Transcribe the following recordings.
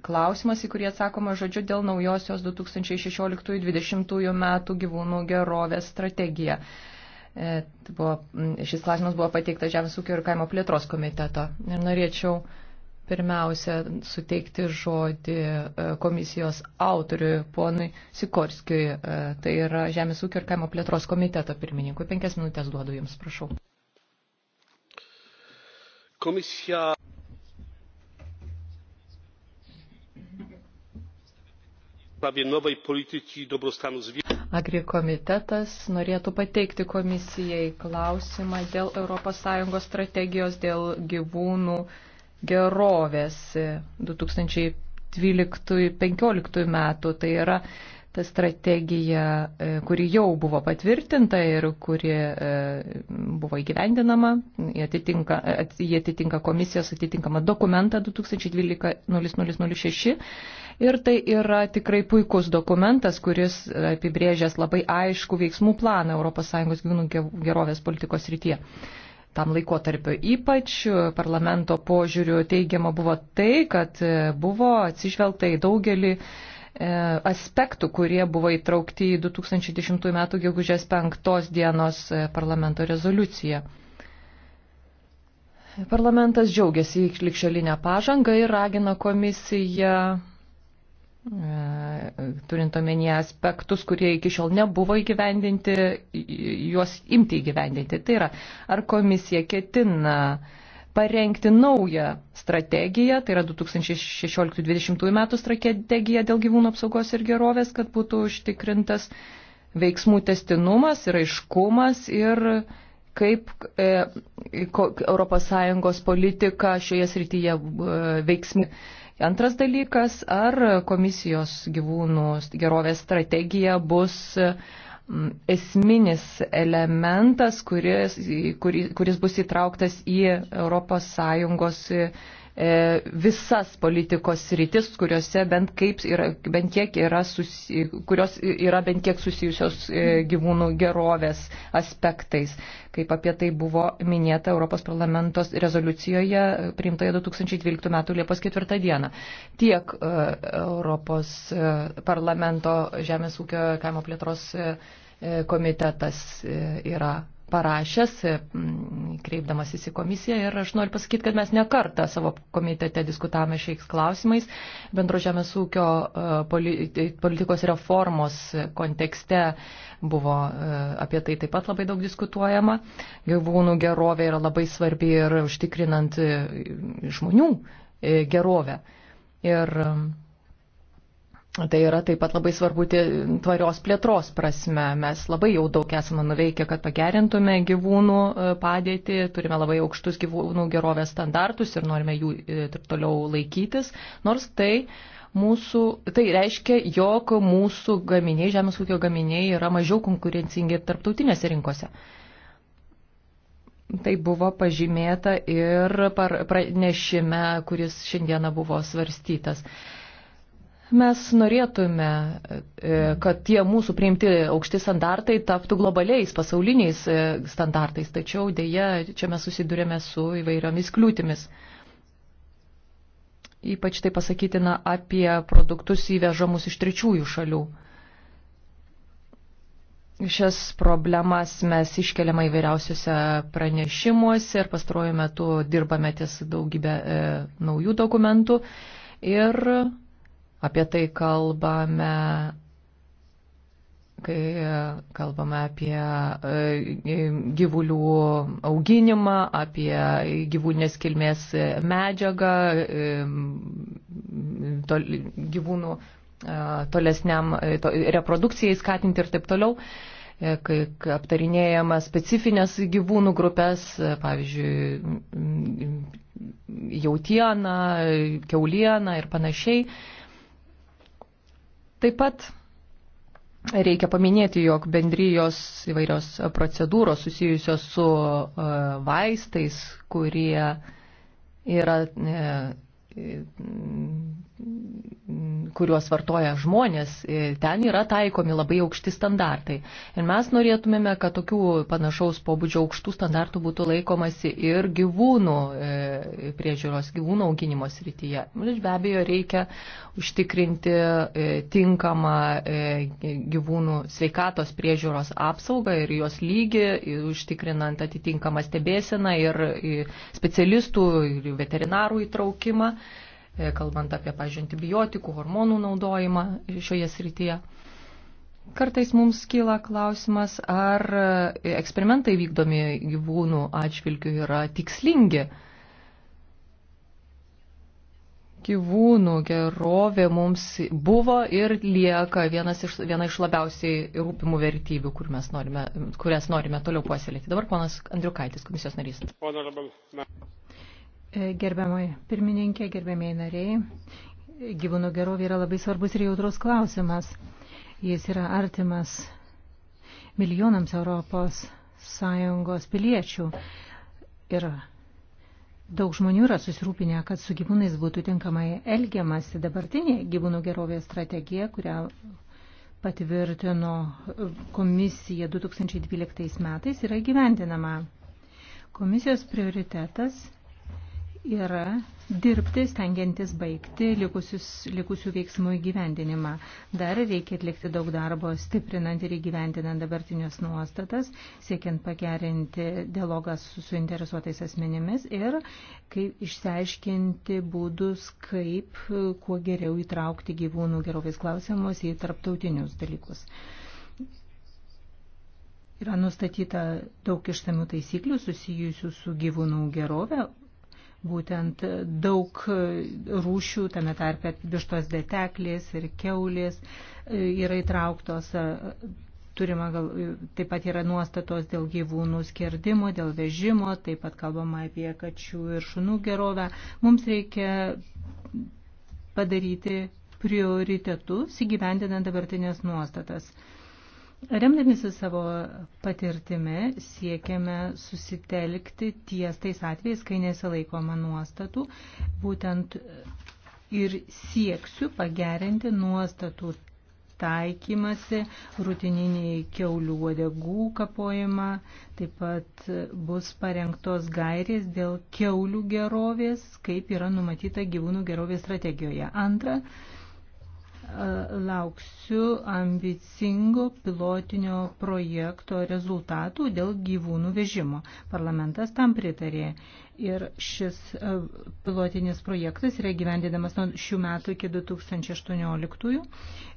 klausimas, į kurį atsakoma žodžiu dėl naujosios 2016-2020 metų gyvūnų gerovės strategija. E, tai buvo, šis klausimas buvo pateiktas Žemės ūkio ir kaimo plėtros komiteto. Ir norėčiau pirmiausia suteikti žodį e, komisijos autoriui, ponui Sikorskijui. E, tai yra Žemės ūkio ir kaimo plėtros komiteto pirmininkui. Penkias minutės duodu Jums, prašau. Komisija Agrikomitetas norėtų pateikti komisijai klausimą dėl ES strategijos dėl gyvūnų gerovės 2012-2015 metų. Tai yra ta strategija, e, kuri jau buvo patvirtinta ir kuri e, buvo įgyvendinama, jie atitinka, jie atitinka komisijos atitinkamą dokumentą 2012-0006. Ir tai yra tikrai puikus dokumentas, kuris apibrėžęs labai aišku veiksmų planą ES gyvūnų gerovės politikos rytyje tam laikotarpiu. Ypač parlamento požiūriu teigiama buvo tai, kad e, buvo atsižvelgta į daugelį E, aspektų, kurie buvo įtraukti į 2010 m. gegužės 5 dienos e, parlamento rezoliuciją. Parlamentas džiaugiasi į likščiolinę pažangą ir ragina komisiją, e, turint omenyje aspektus, kurie iki šiol nebuvo įgyvendinti, juos imti įgyvendinti. Tai yra, ar komisija ketina uh, parengti naują strategiją, tai yra 2016-2020 metų strategija dėl gyvūnų apsaugos ir gerovės, kad būtų užtikrintas veiksmų testinumas ir aiškumas ir kaip e, ko, ES politika šioje srityje e, veiksmi. Antras dalykas, ar komisijos gyvūnų gerovės strategija bus e, esminis elementas, kuris, kuris, kuris bus įtrauktas į ES e, visas politikos rytis, kuriuose bent, kaip yra, bent kiek yra, susi, kurios yra bent kiek susijusios e, gyvūnų gerovės aspektais, kaip apie tai buvo minėta Europos parlamentos rezoliucijoje priimtoje 2012 m. Liepos 4 d. Tiek e, Europos parlamento Žemės ūkio kaimo plėtros E, komitetas e, yra parašęs, e, kreipdamasis į komisiją ir aš noriu pasakyti, kad mes nekartą savo komitete diskutavome šiais klausimais bendro žemės ūkio politikos reformos kontekste buvo apie tai taip pat labai daug diskutuojama. Gyvūnų gerovė yra labai svarbi ir užtikrinant žmonių gerovę. Ir Tai yra taip pat labai svarbu tvarios plėtros prasme. Mes labai jau daug esame nuveikę, kad pagerintume gyvūnų e, padėtį, turime labai aukštus gyvūnų gerovės standartus ir norime jų e, toliau laikytis. Nors tai, mūsų, tai reiškia, jog mūsų gaminiai, žemės ūkio gaminiai yra mažiau konkurencingi tarptautinėse rinkose. Tai buvo pažymėta ir pranešime, kuris šiandieną buvo svarstytas. Uh, Mes norėtume, e, kad tie mūsų priimti aukšti standartai taptų globaliais, pasauliniais e, standartais, tačiau dėja čia mes susidurėme su įvairiomis kliūtimis. Ypač tai pasakytina apie produktus įvežamus iš trečiųjų šalių. Šias problemas mes iškeliame įvairiausiuose pranešimuose ir pastaruoju metu dirbame ties daugybę e, naujų dokumentų. Ir Apie tai kalbame kai kalbame apie e, gyvulių auginimą, apie gyvūnės kilmės medžiagą, e, gyvūnų e, tolesniam reprodukcijai skatinti ir taip toliau, kai aptarinėjama specifines gyvūnų grupės, pavyzdžiui, jautieną, keulieną ir panašiai. Taip pat reikia paminėti, jog bendrijos įvairios procedūros susijusios su e, vaistais, kurie yra e, kuriuos vartoja žmonės, e, ten yra taikomi labai aukšti standartai. Ir mes norėtumėme, kad tokių panašaus pobūdžio aukštų standartų būtų laikomasi ir gyvūnų e, priežiūros, gyvūnų auginimo srityje. Ir be abejo reikia užtikrinti e, tinkamą gyvūnų sveikatos priežiūros apsaugą ir jos lygį, užtikrinant atitinkamą stebėseną ir specialistų ir veterinarų įtraukimą. E, kalbant apie, pažiūrėjau, antibiotikų, hormonų naudojimą šioje srityje. Kartais mums kyla klausimas, ar e, eksperimentai vykdomi gyvūnų atžvilgių yra tikslingi. Gyvūnų gerovė mums buvo ir lieka vienas iš, viena iš labiausiai rūpimų vertybių, kur mes norime, kurias norime toliau puoselėti. Dabar ponas Andriukaitis, komisijos narys. E, Gerbiamai pirmininkė, gerbėmiai nariai, gyvūnų gerovė yra labai svarbus ir jautrus klausimas. Jis yra artimas milijonams Europos Sąjungos piliečių ir daug žmonių yra susirūpinę, kad su gyvūnais būtų tinkamai elgiamasi. Dabartinė gyvūnų gerovės strategija, kurią patvirtino komisija 2012 metais, yra gyvendinama. Komisijos prioritetas yra dirbti, stengiantis baigti likusius, likusių veiksmų įgyvendinimą. Dar reikia atlikti daug darbo, stiprinant ir įgyvendinant dabartinius nuostatas, siekiant pagerinti dialogą su suinteresuotais asmenimis ir kaip išsiaiškinti būdus, kaip kuo geriau įtraukti gyvūnų gerovės klausimus į tarptautinius dalykus. Yra nustatyta daug ištamių taisyklių susijusių su gyvūnų gerove, būtent daug rūšių, tame tarpe vištos deteklės ir keulės e, yra įtrauktos. E, turima, gal, e, taip pat yra nuostatos dėl gyvūnų skerdimo, dėl vežimo, taip pat kalbama apie kačių ir šunų gerovę. Mums reikia padaryti prioritetus įgyvendinant dabartinės nuostatas. Remdamėsi savo patirtimi siekiame susitelkti ties tais atvejais, kai nesilaikoma nuostatų. Būtent ir sieksiu pagerinti nuostatų taikymasi, rutininiai keulių uodegų kapojimą, taip pat bus parengtos gairės dėl keulių gerovės, kaip yra numatyta gyvūnų gerovės strategijoje. Antra, lauksiu ambicingo pilotinio projekto rezultatų dėl gyvūnų vežimo. Parlamentas tam pritarė ir šis e, pilotinis projektas yra gyvendinamas nuo šių metų iki 2018.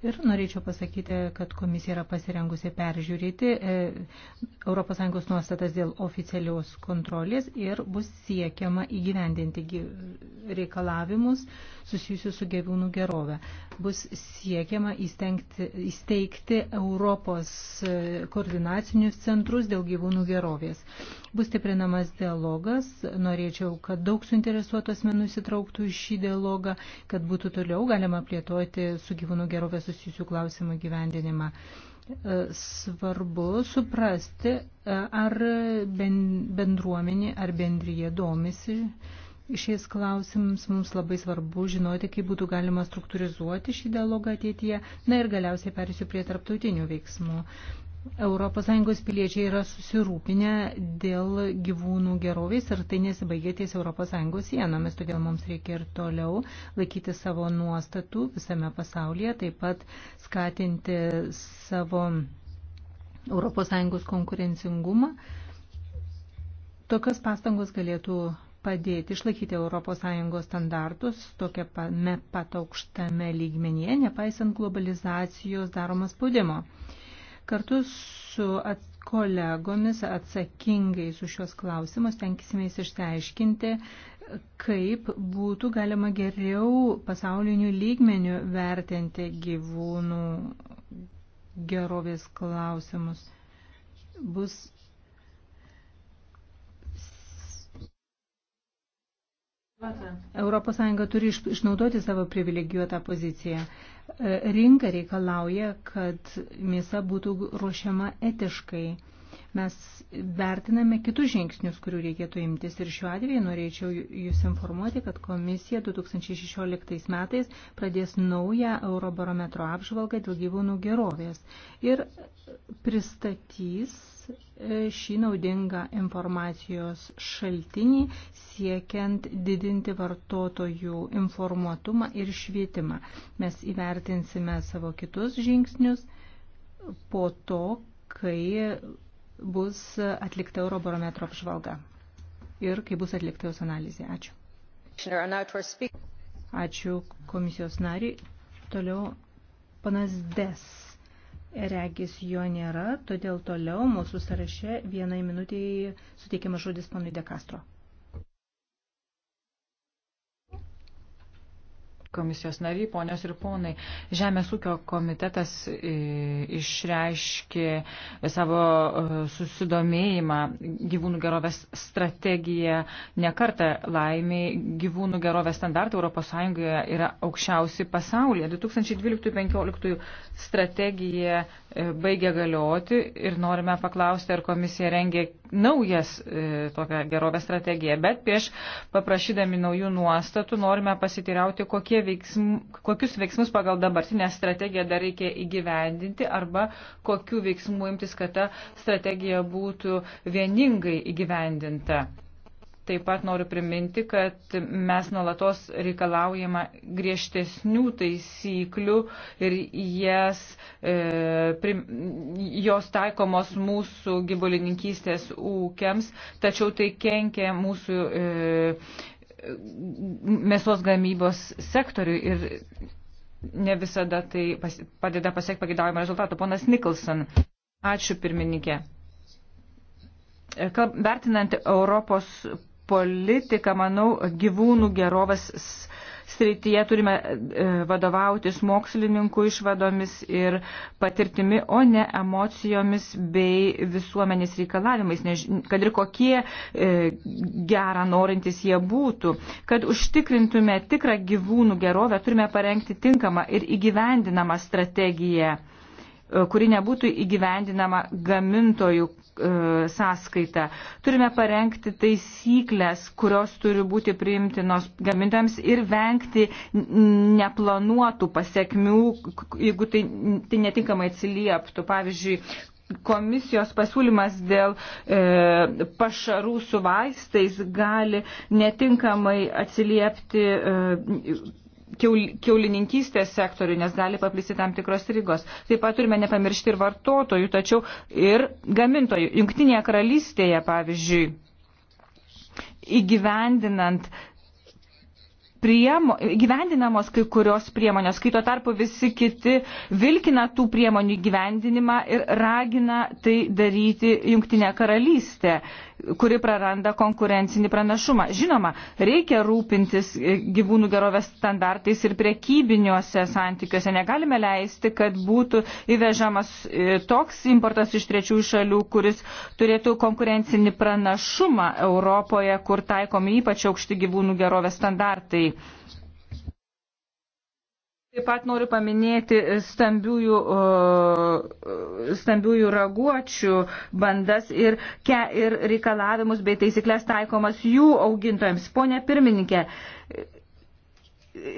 Ir norėčiau pasakyti, kad komisija yra pasirengusi peržiūrėti ES nuostatas dėl oficialios kontrolės ir bus siekiama įgyvendinti reikalavimus susijusius su gyvūnų gerove. Bus siekiama įstengti, įsteigti Europos e, koordinacinius centrus dėl gyvūnų gerovės. Bus stiprinamas dialogas, norėčiau norėčiau, kad daug suinteresuotos menų įsitrauktų į šį dialogą, kad būtų toliau galima plėtoti su gyvūnų gerovė susijusių klausimų gyvendinimą. E, svarbu suprasti, e, ar bendruomenė, ar bendryje domisi Šiais klausimams mums labai svarbu žinoti, kaip būtų galima struktūrizuoti šį dialogą ateityje. Na ir galiausiai perėsiu prie tarptautinių veiksmų. ES piliečiai yra susirūpinę dėl gyvūnų gerovės ir tai nesibaigia ties ES sienomis, todėl mums reikia ir toliau laikyti savo nuostatų visame pasaulyje, taip pat skatinti savo ES konkurencingumą. Tokios pastangos galėtų padėti išlaikyti ES standartus tokiame pat aukštame lygmenyje, nepaisant globalizacijos daromos spaudimo. Kartu su at kolegomis atsakingais už šios klausimus tenkisimės išsiaiškinti, kaip būtų galima geriau pasauliniu lygmeniu vertinti gyvūnų gerovės klausimus. Bus ES turi išnaudoti savo privilegijuotą poziciją. E, rinka reikalauja, kad mėsa būtų ruošiama etiškai. Mes vertiname kitus žingsnius, kurių reikėtų imtis. Ir šiuo atveju norėčiau Jūs informuoti, kad komisija 2016 metais pradės naują Eurobarometro apžvalgą dėl gyvūnų gerovės ir pristatys E, šį naudingą informacijos šaltinį siekiant didinti vartotojų informuotumą ir švietimą. Mes įvertinsime savo kitus žingsnius po to, kai bus atlikta Eurobarometro apžvalga ir kai bus atlikta jos analizė. Ačiū. Ačiū komisijos nariai. Toliau panas Des. Regis jo nėra, todėl toliau mūsų sąraše vienai minutiai suteikiamas žodis ponui De Castro. komisijos nariai, ponios ir ponai, Žemės ūkio komitetas e, išreiškė e, savo e, susidomėjimą gyvūnų gerovės strategiją. Nekartą laimiai gyvūnų gerovės standartai ES yra aukščiausi pasaulyje. 2012-2015 strategija baigia galioti ir norime paklausti, ar komisija rengia naujas tokią gerovės strategiją. Bet prieš paprašydami naujų nuostatų norime pasitiriauti, kokie veiksm, kokius veiksmus pagal dabartinę strategiją dar reikia įgyvendinti arba kokiu veiksmu imtis, kad ta strategija būtų vieningai įgyvendinta. Taip pat noriu priminti, kad mes nuolatos reikalaujama griežtesnių taisyklių ir jas, e, prim, jos taikomos mūsų gyvulininkystės ūkiams, tačiau tai kenkia mūsų e, mėsos gamybos sektoriui ir ne visada tai pas, padeda pasiekti pagėdavimą rezultatų. Ponas Nikolson, ačiū pirmininkė. Kalb, vertinant Europos politiką, manau, gyvūnų gerovės srityje turime e, vadovautis mokslininkų išvadomis ir patirtimi, o ne emocijomis bei visuomenės reikalavimais, než, kad ir kokie e, gerą norintys jie būtų. Kad užtikrintume tikrą gyvūnų gerovę, turime parengti tinkamą ir įgyvendinamą strategiją e, kuri nebūtų įgyvendinama gamintojų E, sąskaitą. Turime parengti taisyklės, kurios turi būti priimtinos gamintams ir vengti neplanuotų pasiekmių, jeigu tai, tai netinkamai atsilieptų. Pavyzdžiui, komisijos pasiūlymas dėl e, pašarų su vaistais gali netinkamai atsiliepti e, kiaulininkystės sektoriui, nes gali paplisti tam tikros rygos. Taip pat turime nepamiršti ir vartotojų, tačiau ir gamintojų. Junktinėje karalystėje, pavyzdžiui, įgyvendinant priemo, gyvendinamos kai kurios priemonės, kai tuo tarpu visi kiti vilkina tų priemonių gyvendinimą ir ragina tai daryti Junktinę karalystę kuri praranda konkurencinį pranašumą. Žinoma, reikia rūpintis e, gyvūnų gerovės standartais ir priekybiniuose santykiuose. Negalime leisti, kad būtų įvežamas e, toks importas iš trečiųjų šalių, kuris turėtų konkurencinį pranašumą Europoje, kur taikomi ypač aukšti gyvūnų gerovės standartai. Taip pat noriu paminėti stambiųjų, uh, stambiųjų raguočių bandas ir, ke, ir reikalavimus bei taisyklės taikomas jų augintojams. Pone pirmininkė,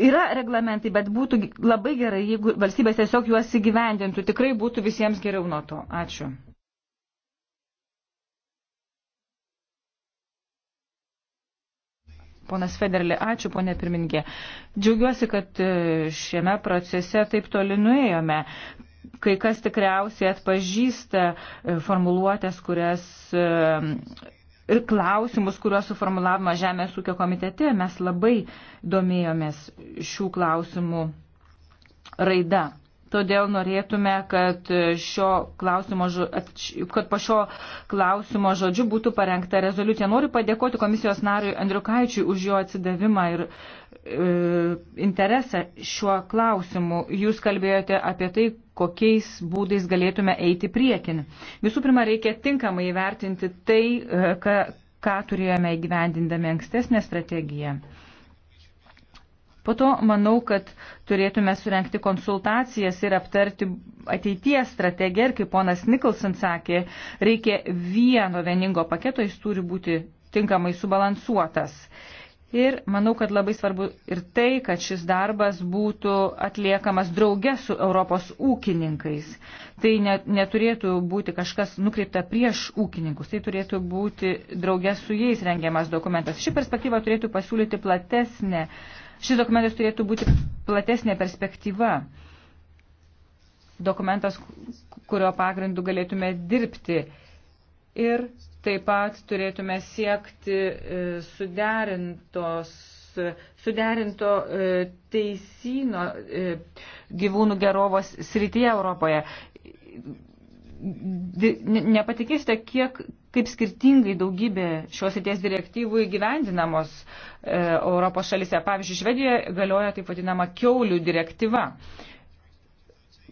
yra reglamentai, bet būtų labai gerai, jeigu valstybės tiesiog juos įgyvendintų. Tikrai būtų visiems geriau nuo to. Ačiū. Ponas Federlė, ačiū, ponė pirmininkė. Džiaugiuosi, kad e, šiame procese taip toli nuėjome. Kai kas tikriausiai atpažįsta e, formuluotės, kurias e, ir klausimus, kuriuos suformulavome Žemės ūkio komitete, mes labai domėjomės šių klausimų raida. Todėl norėtume, kad, klausimo, kad po šio klausimo žodžiu būtų parengta rezoliucija. Noriu padėkoti komisijos nariui Andriukaičiui už jo atsidavimą ir e, interesą šiuo klausimu. Jūs kalbėjote apie tai, kokiais būdais galėtume eiti priekin. Visų pirma, reikia tinkamai įvertinti tai, e, ką, ką turėjome įgyvendindami ankstesnę strategiją. Po to manau, kad turėtume surenkti konsultacijas ir aptarti ateities strategiją ir, kaip ponas Nikolson sakė, reikia vieno vieningo paketo, jis turi būti tinkamai subalansuotas. Ir manau, kad labai svarbu ir tai, kad šis darbas būtų atliekamas drauge su Europos ūkininkais. Tai ne, neturėtų būti kažkas nukreipta prieš ūkininkus, tai turėtų būti drauge su jais rengiamas dokumentas. Ši perspektyva turėtų pasiūlyti platesnę uh, Šis dokumentas turėtų būti platesnė perspektyva. Dokumentas, kurio pagrindu galėtume dirbti. Ir taip pat turėtume siekti e, suderintos suderinto e, teisino e, gyvūnų gerovos srityje Europoje nepatikėsite, kiek, kaip skirtingai daugybė šios įties direktyvų įgyvendinamos e, Europos šalise. Pavyzdžiui, Švedijoje galioja taip vadinama keulių direktyva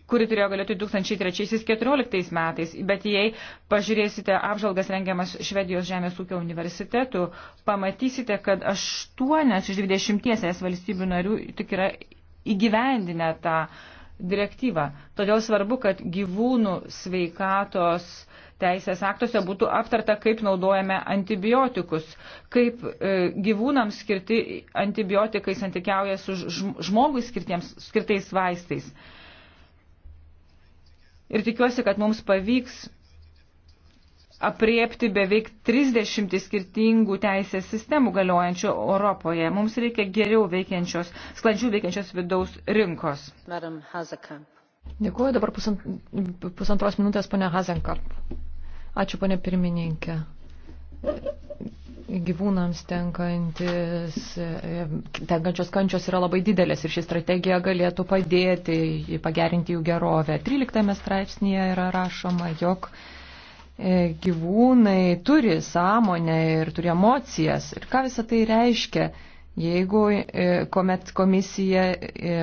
kuri turėjo galėti 2003-2014 metais, bet jei pažiūrėsite apžalgas rengiamas Švedijos žemės ūkio universitetų, pamatysite, kad 8 iš 20 es valstybių narių tik yra įgyvendinę tą direktyvą. Todėl svarbu, kad gyvūnų sveikatos uh, teisės aktuose būtų aptarta, kaip naudojame antibiotikus, kaip e, gyvūnams skirti antibiotikai santykiauja su žmogui skirtais vaistais. Ir tikiuosi, kad mums pavyks apriepti beveik 30 skirtingų teisės sistemų galiojančių Europoje. Mums reikia geriau veikiančios, sklandžių veikiančios vidaus rinkos. Madam Hazaka. Dėkuoju dabar pusantros minutės, ponia Hazenkarp. Ačiū, ponia pirmininkė gyvūnams tenkantis, e, tenkančios kančios yra labai didelės ir ši strategija galėtų padėti pagerinti jų gerovę. 13 straipsnėje yra rašoma, jog e, gyvūnai turi sąmonę ir turi emocijas. Ir ką visą tai reiškia? Jeigu, e, kuomet komisija e,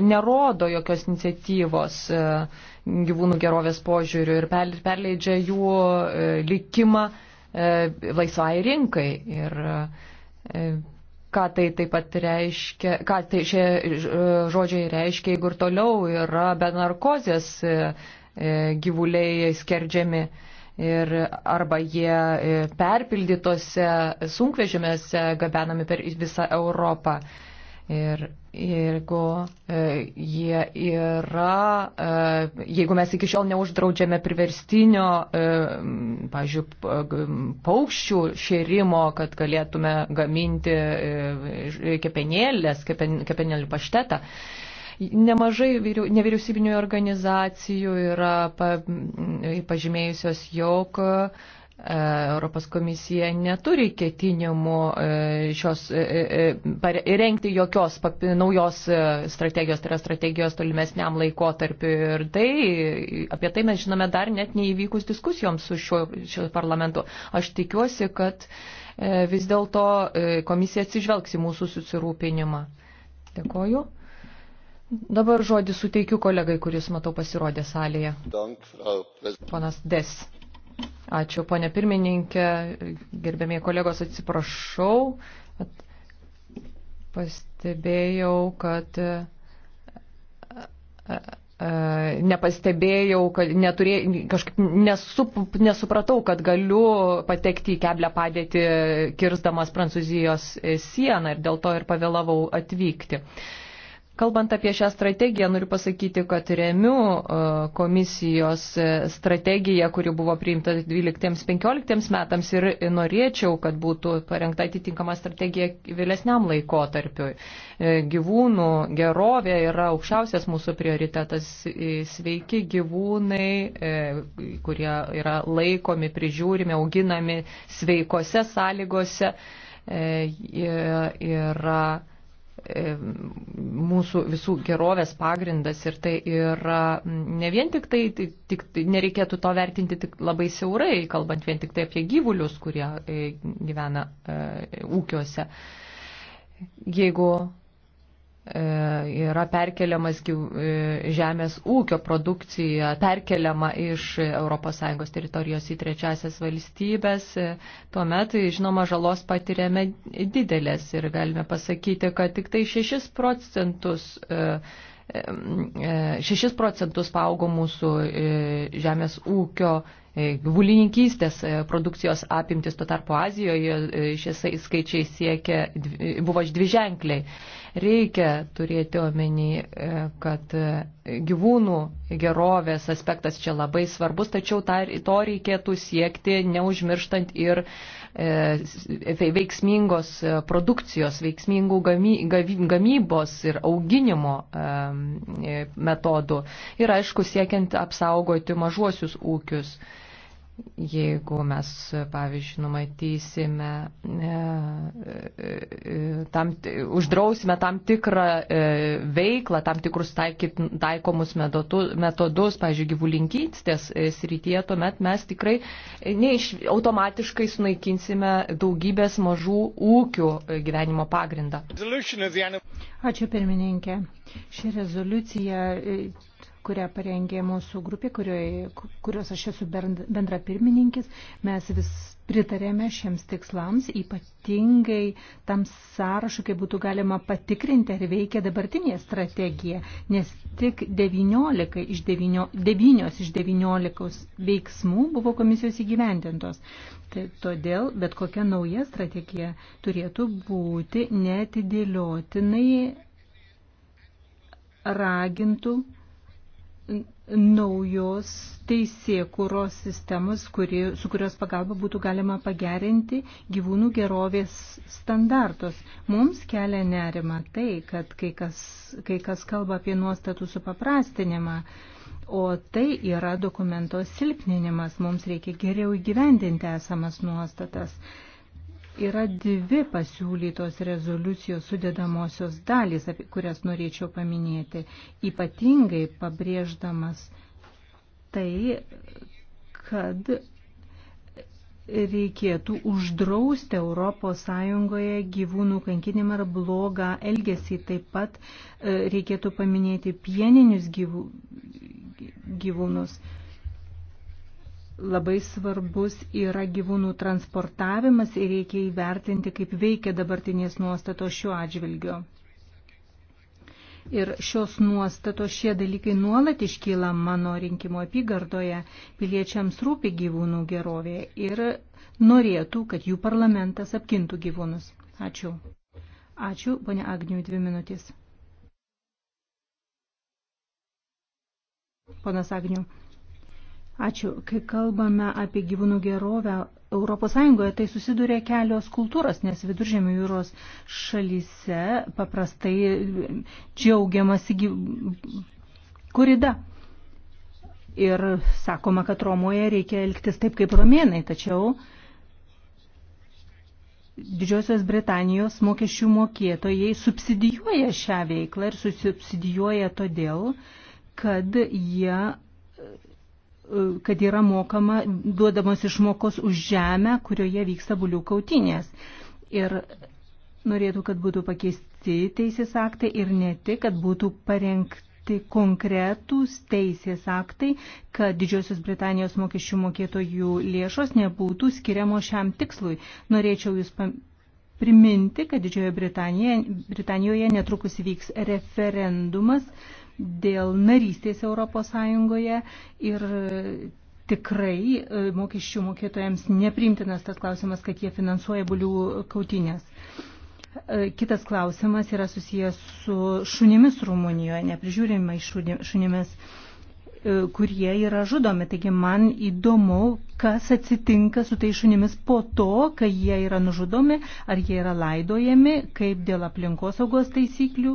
nerodo jokios iniciatyvos e, gyvūnų gerovės požiūrių ir perleidžia jų likimą laisvai rinkai. Ir ką tai taip pat reiškia, ką tai šie žodžiai reiškia, jeigu ir toliau yra be narkozės gyvuliai skerdžiami ir arba jie e, perpildytose sunkvežimėse gabenami per visą Europą. Ir jeigu e, jie yra, e, jeigu mes iki šiol neuždraudžiame priverstinio, e, pažiūrėjau, paukščių šėrimo, kad galėtume gaminti e, kepenėlės, kepen, kepenėlių paštetą, e, Nemažai nevyriausybinių organizacijų yra pažymėjusios, jog e, Europos komisija neturi ketinimų e, šios, e, rengti jokios naujos strategijos, tai yra strategijos tolimesniam laikotarpiu. Ir tai, apie tai mes žinome dar net neįvykus diskusijoms su šiuo, šiuo parlamentu. Aš tikiuosi, kad vis dėlto komisija atsižvelgs į mūsų susirūpinimą. Dėkoju. Dabar žodį suteikiu kolegai, kuris, matau, pasirodė salėje. Ponas Des. Ačiū, ponė pirmininkė, gerbėmiai kolegos, atsiprašau. Pastebėjau, kad e, e, e, nepastebėjau, kad neturė, kažkaip nesup, nesupratau, kad galiu patekti į keblę padėtį, kirsdamas Prancūzijos sieną ir dėl to ir pavėlavau atvykti. Uh, Kalbant apie šią strategiją, noriu pasakyti, kad remiu e, komisijos e, strategiją, kuri buvo priimta 12-15 metams ir norėčiau, kad būtų parengta atitinkama strategija vėlesniam laikotarpiu. E, gyvūnų gerovė yra aukščiausias mūsų prioritetas. Sveiki gyvūnai, kurie yra laikomi, prižiūrimi, auginami sveikose sąlygose. Yra, yra, E, mūsų visų gerovės pagrindas ir tai yra ne vien tik tai, tik, nereikėtų to vertinti tik labai siaurai, kalbant vien tik tai apie gyvulius, kurie e, gyvena e, ūkiuose. Jeigu E, yra perkeliamas e, žemės ūkio produkcija, perkeliama iš ES teritorijos į trečiasias valstybės, e, tuomet, žinoma, žalos patiriame didelės ir galime pasakyti, kad tik tai 6 procentus 6 procentus paaugo mūsų žemės ūkio gyvulininkystės produkcijos apimtis, tuo tarpu Azijoje šis skaičiai siekia, buvo dviženkliai. Reikia turėti omeny, e, kad e, gyvūnų gerovės aspektas čia labai svarbus, tačiau to reikėtų siekti, neužmirštant ir e, veiksmingos produkcijos, veiksmingų gamybos ir auginimo metodų. Ir aišku, siekiant apsaugoti mažuosius ūkius jeigu mes, pavyzdžiui, numatysime, e, e, tam, uždrausime tam tikrą e, veiklą, tam tikrus taikyt, taikomus metodus, pavyzdžiui, gyvulinkystės srityje, tuomet mes tikrai neiš, automatiškai sunaikinsime daugybės mažų ūkių gyvenimo pagrindą. Ačiū pirmininkė. Ši rezoliucija kurią parengė mūsų grupė, kurioje, kurios aš esu bendra pirmininkis. Mes vis pritarėme šiems tikslams, ypatingai tam sąrašu, kai būtų galima patikrinti, ar veikia dabartinė strategija, nes tik 19 iš 9, 9 iš 19 veiksmų buvo komisijos įgyvendintos. Tai todėl bet kokia nauja strategija turėtų būti netidėliotinai ragintų naujos teisėkūros sistemos, kuri, su kurios pagalba būtų galima pagerinti gyvūnų gerovės standartus. Mums kelia nerima tai, kad kai kas, kai kas kalba apie nuostatų supaprastinimą, O tai yra dokumento silpninimas, mums reikia geriau įgyvendinti esamas nuostatas. Yra dvi pasiūlytos rezoliucijos sudėdamosios dalys, apie kurias norėčiau paminėti, ypatingai pabrėždamas tai, kad reikėtų uždrausti ES gyvūnų kankinimą ar blogą elgesį. Taip pat e, reikėtų paminėti pieninius gyvūnus labai svarbus yra gyvūnų transportavimas ir reikia įvertinti, kaip veikia dabartinės nuostatos šiuo atžvilgiu. Ir šios nuostatos šie dalykai nuolat iškyla mano rinkimo apygardoje, piliečiams rūpi gyvūnų gerovė ir norėtų, kad jų parlamentas apgintų gyvūnus. Ačiū. Ačiū, ponia Agniui, dvi minutės. Ponas Agniu. Ačiū. Kai kalbame apie gyvūnų gerovę ES, tai susiduria kelios kultūros, nes viduržėmio jūros šalyse paprastai džiaugiamasi gyv... kurida. Ir sakoma, kad Romoje reikia elgtis taip kaip romėnai, tačiau Didžiosios Britanijos mokesčių mokėtojai subsidijuoja šią veiklą ir subsidijuoja todėl, kad jie kad yra mokama, duodamos išmokos už žemę, kurioje vyksta bulių kautinės. Ir norėtų, kad būtų pakeisti teisės aktai ir ne tik, kad būtų parengti konkretūs teisės aktai, kad Didžiosios Britanijos mokesčių mokėtojų lėšos nebūtų skiriamos šiam tikslui. Norėčiau Jūs priminti, kad Didžiojo Britanijoje, Britanijoje netrukus vyks referendumas dėl narystės ES ir e, tikrai e, mokesčių mokėtojams nepriimtinas tas klausimas, kad jie finansuoja bulių kautinės. E, kitas klausimas yra susijęs su šunimis Rumunijoje, neprižiūrimai šunimis, kurie yra žudomi. Taigi man įdomu, kas atsitinka su tai šunimis po to, kai jie yra nužudomi, ar jie yra laidojami, kaip dėl aplinkosaugos taisyklių,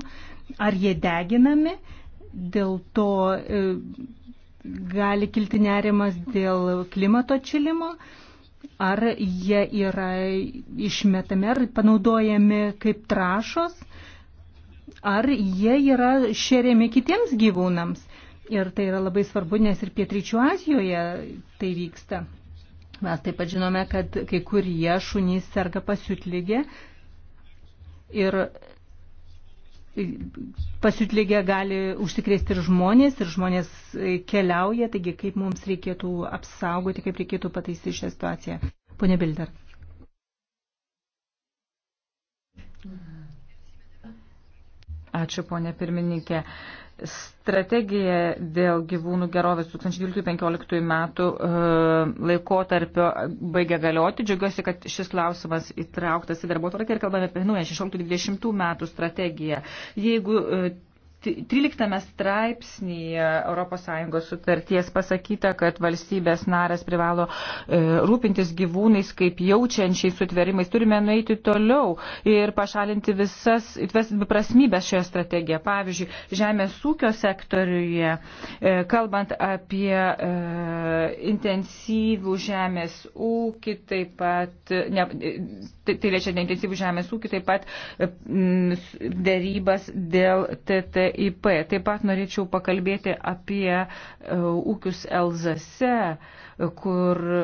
ar jie deginami Dėl to e, gali kilti nerimas dėl klimato atšilimo, ar jie yra išmetami ar panaudojami kaip trašos, ar jie yra šeriami kitiems gyvūnams. Ir tai yra labai svarbu, nes ir pietryčių Azijoje tai vyksta. Mes taip pat žinome, kad kai kurie šunys serga pasiutlygė ir pasiutligė gali užsikrėsti ir žmonės, ir žmonės e, keliauja, taigi kaip mums reikėtų apsaugoti, kaip reikėtų pataisyti šią situaciją. Pone Bilder. Ačiū, ponė pirmininkė. Strategija dėl gyvūnų gerovės 2012-2015 metų e, laikotarpio baigia galioti. Džiaugiuosi, kad šis klausimas įtrauktas į darbo tvarkę ir kalbame apie naują 16-20 metų strategiją. Jeigu e, 13 straipsnėje ES sutarties pasakyta, kad valstybės naras privalo e, rūpintis gyvūnais kaip jaučiančiais sutverimais. Turime nueiti toliau ir pašalinti visas, visas beprasmybės šioje strategijoje. Pavyzdžiui, žemės ūkio sektoriuje, e, kalbant apie e, intensyvų žemės ūkį, taip pat, ne, tai, tai lėčia neintensyvų žemės ūkį, taip pat e, dėrybas dėl TT TTIP. Taip pat norėčiau pakalbėti apie e, ūkius Elzase, kur e,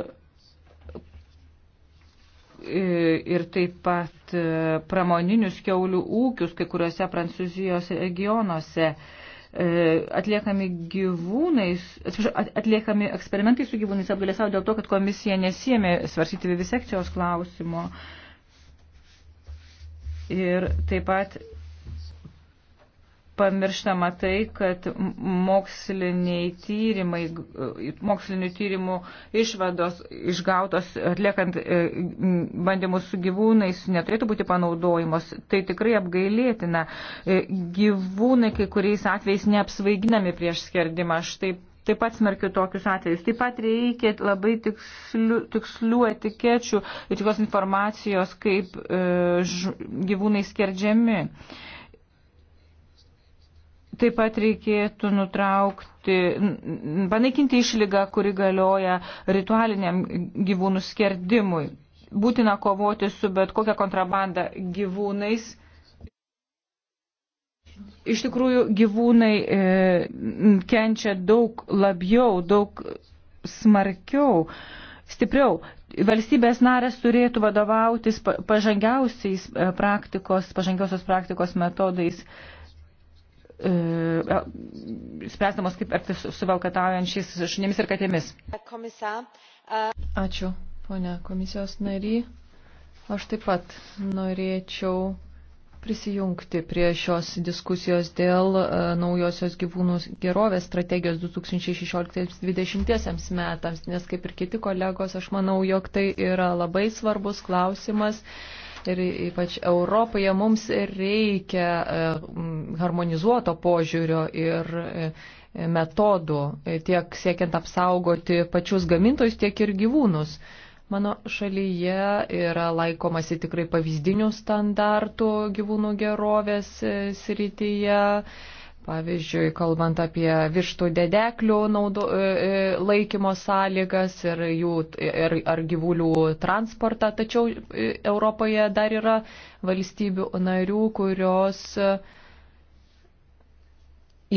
ir taip pat e, pramoninius keulių ūkius kai kuriuose Prancūzijos regionuose atliekami gyvūnais, atliekami eksperimentai su gyvūnais apgalėsau dėl to, kad komisija nesiemė svarsyti vivisekcijos klausimo. Ir taip pat pamirštama tai, kad moksliniai tyrimai, mokslinių tyrimų išvados išgautos atliekant e, bandymus su gyvūnais neturėtų būti panaudojimos. Tai tikrai apgailėtina. E, gyvūnai kai kuriais atvejais neapsvaiginami prieš skerdimą. Aš taip, taip pat smerkiu tokius atvejus. Taip pat reikia labai tikslių, tikslių etikečių ir tikros informacijos, kaip e, ž, gyvūnai skerdžiami. E, Taip pat reikėtų nutraukti, panaikinti išlygą, kuri galioja ritualiniam gyvūnų skerdimui. Būtina kovoti su bet kokia kontrabanda gyvūnais. Iš tikrųjų, gyvūnai e, kenčia daug labiau, daug smarkiau, stipriau. Valstybės narės turėtų vadovautis pažangiausiais e, praktikos, pažangiausios praktikos metodais. E, E, spręsdamos kaip elgtis su valkataujančiais šunimis ir katėmis. Ačiū, ponia komisijos nary. Aš taip pat norėčiau prisijungti prie šios diskusijos dėl e, naujosios gyvūnų gerovės strategijos 2016-2020 metams, nes kaip ir kiti kolegos, aš manau, jog tai yra labai svarbus klausimas ir ypač Europoje mums reikia e, harmonizuoto požiūrio ir e, metodų, tiek siekiant apsaugoti pačius gamintojus, tiek ir gyvūnus. Mano šalyje yra laikomasi tikrai pavyzdinių standartų gyvūnų gerovės e, srityje Pavyzdžiui, kalbant apie vištų dedeklių naudo, e, e, laikymo sąlygas ir, jų, ir ar gyvulių transportą, tačiau e, Europoje dar yra valstybių narių, kurios,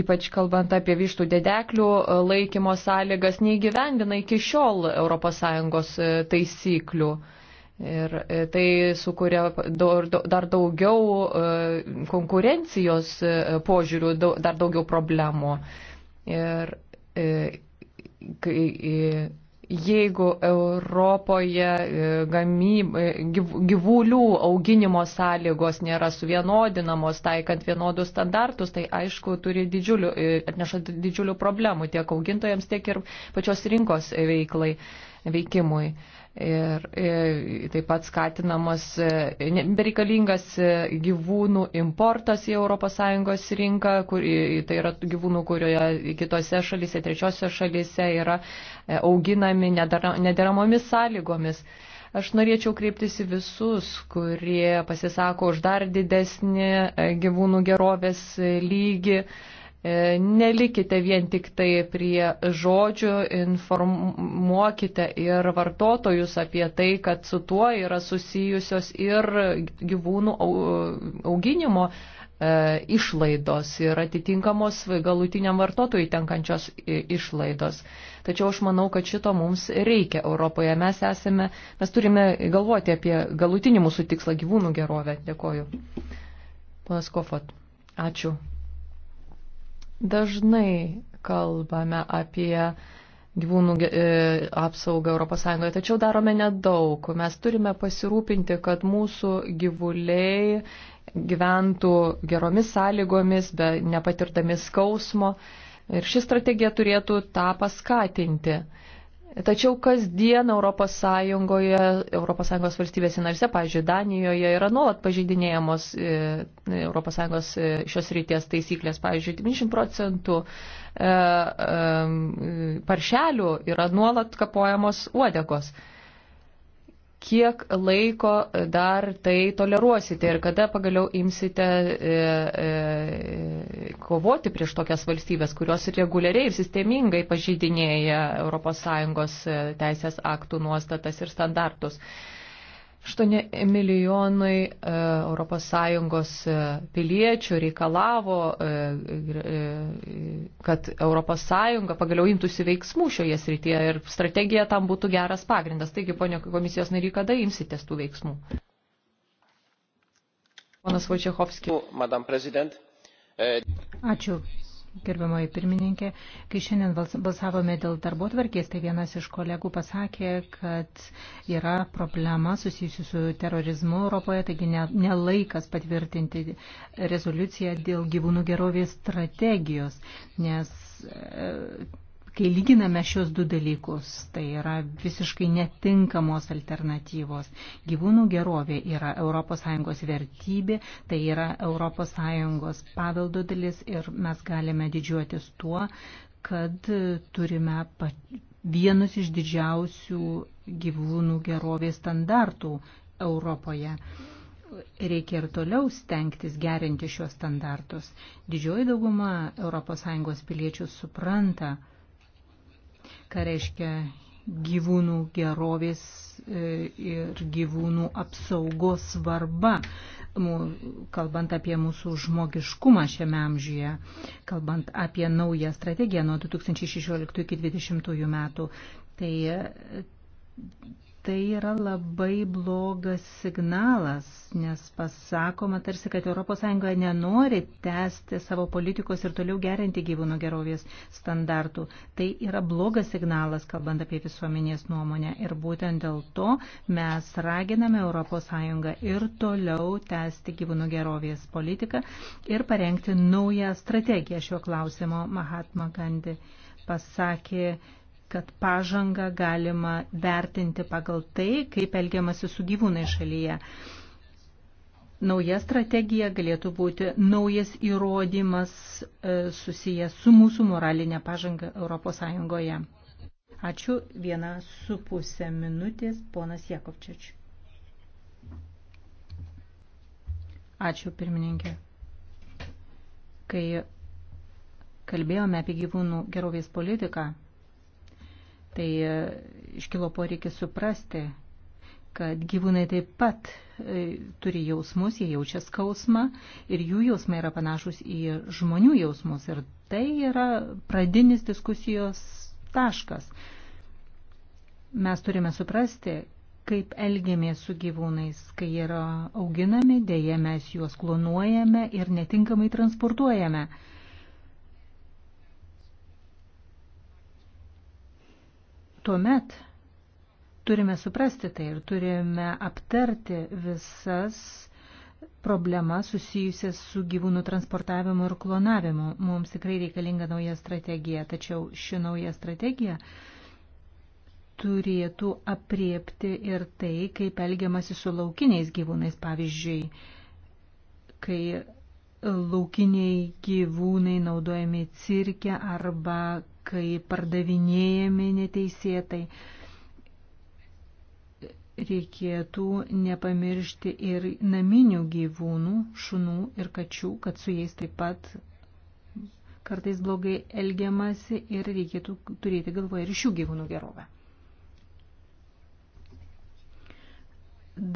ypač kalbant apie vištų dedeklių laikymo sąlygas, neįgyvendina iki šiol ES taisyklių. Ir e, tai sukuria dar daugiau e, konkurencijos e, požiūrių, dar daugiau problemų. Ir jeigu Europoje gamyb, gyvulių auginimo sąlygos nėra suvienodinamos, taikant vienodus standartus, tai aišku, turi didžiulių, atneša didžiulių problemų tiek augintojams, tiek ir pačios rinkos veiklai, veikimui. Ir, ir e, taip pat skatinamas e, bereikalingas e, gyvūnų importas į ES rinką, kur, tai yra gyvūnų, kurioje kitose šalise, trečiose šalise yra auginami nederamomis sąlygomis. Aš norėčiau kreiptis į visus, kurie pasisako už dar didesnį gyvūnų gerovės lygį E, nelikite vien tik tai prie žodžių, informuokite ir vartotojus apie tai, kad su tuo yra susijusios ir gyvūnų auginimo e, išlaidos ir atitinkamos galutiniam vartotojui tenkančios išlaidos. Tačiau aš manau, kad šito mums reikia Europoje. Mes, esame, mes turime galvoti apie galutinį mūsų tikslą gyvūnų gerovę. Dėkoju. Ponas Kofot, ačiū dažnai kalbame apie gyvūnų e, apsaugą ES, tačiau darome nedaug. Mes turime pasirūpinti, kad mūsų gyvuliai gyventų geromis sąlygomis, be nepatirdami skausmo. Ir ši strategija turėtų tą paskatinti. Tačiau kasdien ES, ES valstybėse narise, pavyzdžiui, Danijoje yra nuolat pažeidinėjamos ES e, šios ryties taisyklės. Pavyzdžiui, 90 procentų e, e, paršelių yra nuolat kapojamos uodegos kiek laiko dar tai toleruosite ir kada pagaliau imsite e, e, kovoti prieš tokias valstybės, kurios reguliariai ir sistemingai pažydinėja ES e, teisės aktų nuostatas ir standartus. E, 8 milijonai ES e, piliečių reikalavo, e, e, kad ES pagaliau imtųsi veiksmų šioje srityje ir strategija tam būtų geras pagrindas. Taigi, ponio komisijos nariai, kada imsitės tų veiksmų? Ponas Vojčiachovskis. Ačiū, gerbiamoji pirmininkė. Kai šiandien balsavome dėl darbo tvarkės, tai vienas iš kolegų pasakė, kad yra problema susijusi su terorizmu Europoje, taigi nelaikas ne patvirtinti rezoliuciją dėl gyvūnų gerovės strategijos, nes e, kai lyginame šios du dalykus, tai yra visiškai netinkamos alternatyvos. Gyvūnų gerovė yra ES vertybė, tai yra ES paveldo dalis ir mes galime didžiuotis tuo, kad turime vienus iš didžiausių gyvūnų gerovės standartų Europoje reikia ir toliau stengtis gerinti šios standartus. Didžioji dauguma ES piliečių supranta, ką reiškia gyvūnų gerovės e, ir gyvūnų apsaugos svarba, kalbant apie mūsų žmogiškumą šiame amžiuje, kalbant apie naują strategiją nuo 2016 iki 2020 metų. Tai tai yra labai blogas signalas, nes pasakoma tarsi, kad ES nenori tęsti savo politikos ir toliau gerinti gyvūnų gerovės standartų. Tai yra blogas signalas, kalbant apie visuomenės nuomonę. Ir būtent dėl to mes raginame ES ir toliau tęsti gyvūnų gerovės politiką ir parengti naują strategiją šio klausimo Mahatma Gandhi pasakė kad pažangą galima vertinti pagal tai, kaip elgiamasi su gyvūnai šalyje. Nauja strategija galėtų būti naujas įrodymas e, susijęs su mūsų moralinė pažanga ES. Ačiū. Viena su pusė minutės, ponas Jakovčič. Ačiū, pirmininkė. Kai kalbėjome apie gyvūnų gerovės politiką, Tai e, iškilo poreikis suprasti, kad gyvūnai taip pat e, turi jausmus, jie jaučia skausmą ir jų jausmai yra panašus į žmonių jausmus. Ir tai yra pradinis diskusijos taškas. Mes turime suprasti, kaip elgiamės su gyvūnais, kai yra auginami, dėje mes juos klonuojame ir netinkamai transportuojame. Tuomet turime suprasti tai ir turime aptarti visas problemas susijusias su gyvūnų transportavimu ir klonavimu. Mums tikrai reikalinga nauja strategija, tačiau ši nauja strategija turėtų apriepti ir tai, kaip elgiamasi su laukiniais gyvūnais, pavyzdžiui, kai laukiniai gyvūnai naudojami cirke arba kai pardavinėjami neteisėtai. Reikėtų nepamiršti ir naminių gyvūnų, šunų ir kačių, kad su jais taip pat kartais blogai elgiamasi ir reikėtų turėti galvoje ir šių gyvūnų gerovę.